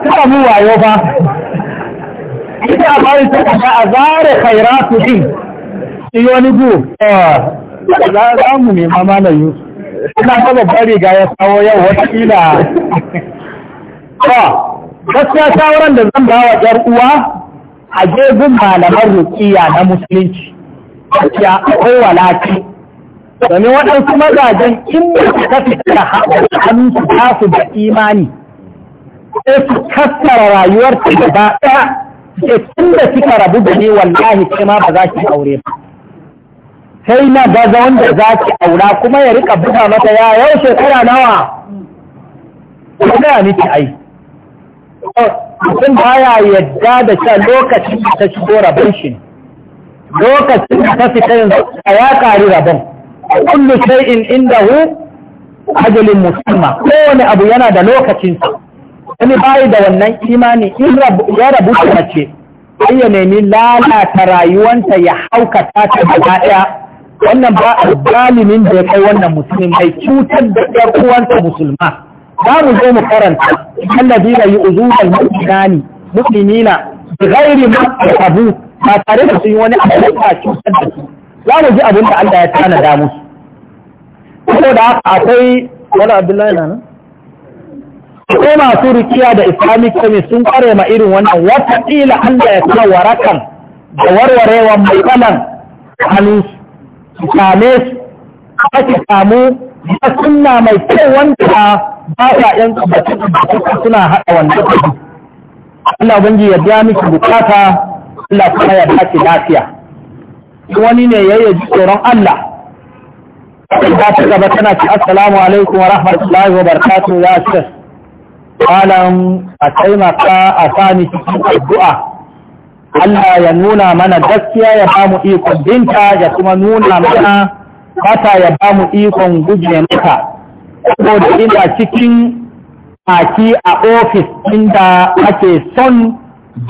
kada mu wayo ba ita a bari ta kasa a zare khairatu din shi bu gu eh, za mu nema malar yu. ina ta babbar riga ya kawo yau watakila gaskiya shawaran da zan bawa 'yar uwa a jegun malamar rukiya na musulunci ya akwai walaki domin waɗansu mazajen in mace ta fita hannunsu ta su da imani sai su kassara rayuwar ta ba. ɗaya ce tun da suka rabu da ne wallahi sai ma ba za ki aure ba sai na gaza wanda za ki aura kuma ya rika buga mata ya yau shekara nawa ko gaya miki ai mutum baya yadda da cewa lokacin da ta shigo rabon shi lokacin da ta fita yanzu a ya kari rabon kullu shay'in indahu ajalin musamma kowane abu yana da lokacinsa wani bayi da wannan imani in ya rabu da mace sai ya nemi lalata rayuwanta ya haukata ta gaba daya wannan ba zalimin da ya kai wannan musulmin mai cutar da yar uwansa musulma za mu zo mu karanta allazi la yu'zuna al-mu'minani mu'minina bi ghairi ma ba tare da sun yi wani abu da cutar da su za mu ji abin da Allah ya tanada mu saboda haka akwai wani abdullahi na nan ko masu rikiya da islamic chemist sun kware ma irin wannan wata wataƙila Allah ya kawo warakan da warwarewa matsalan hannu su same su ake samu suna mai kyau wanda ba sa yan tabbatu suna haɗa wanda wannan Allah bangi ya biya miki bukata Allah kuma ya dace lafiya wani ne ya yi tsoron Allah ta ta gaba tana ce assalamu alaikum wa rahmatullahi wa barkatu ya ce malam a taimaka a sani cikin addu'a Allah ya nuna mana gaskiya ya ba mu ikon binta ya kuma nuna mana mata ya ba mu ikon guje mata da ina cikin aki a ofis inda ake son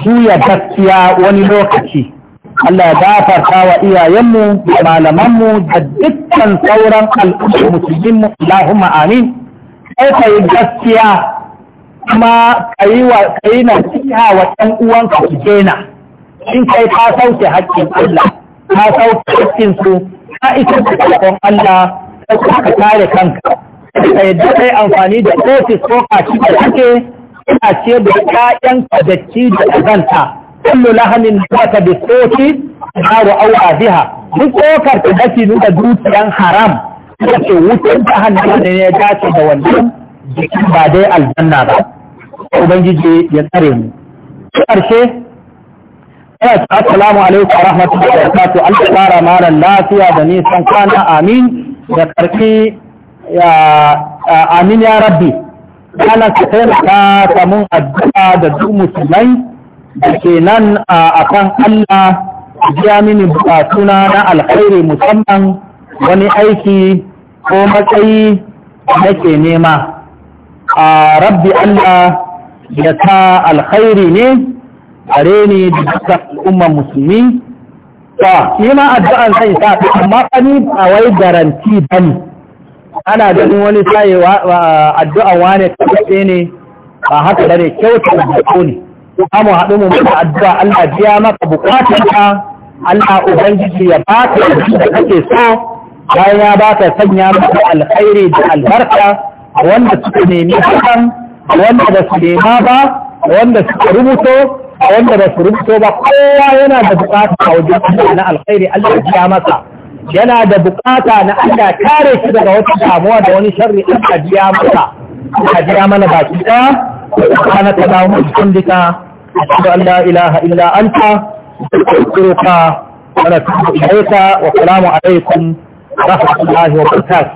juya gaskiya wani lokaci Allah ya gafarta wa iyayenmu da malamanmu da dukkan sauran al'ummar musulminmu Allahumma amin sai ka gaskiya kuma ka yi wa kai na nasiha wa ɗan uwanka ku daina in kai ka sauke haƙƙin Allah ka sauke haƙƙin su ka isa da Allah sai ka kare kanka ka yadda kai amfani da ofis ko kaci da kake ina ce da yanka da ci da azanta kullu lahanin zaka bi soti naru a biha duk kokar ta dace da dukiyan haram ta hannu jahannama ne ya dace da wannan jikin ba dai aljanna ba ubangiji ya tsare mu karshe Yes, assalamu alaikum wa rahmatullahi wa barakatuh. Allah tsara malam lafiya da san kwana amin da karfi amin ya rabbi. Ana ka taimaka samun addu'a da duk musulmai da ke nan a kan Allah biya mini bukatuna na alkhairi musamman wani aiki ko matsayi nake nema a rabbi Allah ya ta alkhairi ne gare ni da duka al’umman musulmi ta nema addu'an sai ta amma kani a wai garanti ne. ana ganin wani sayewa addu'an wane ta ne ba haka da ne kyautar da ne mu haɗu mu mata addu'a Allah biya maka bukatunka Allah ubangiji ya baka da kake so bayan ya baka sanya maka alkhairi da albarka wanda suka nemi hakan wanda ba su nema ba wanda suka rubuto wanda ba su rubuto ba kowa yana da bukata a wajen Allah na alkhairi Allah biya maka yana da bukata na Allah kare shi daga wata damuwa da wani sharri Allah biya maka, Allah biya mana baki ɗaya kana ta dawo mu cikin dika أشهد أن لا إله إلا أنت أستغفرك ونتوب إليك والسلام عليكم ورحمة الله وبركاته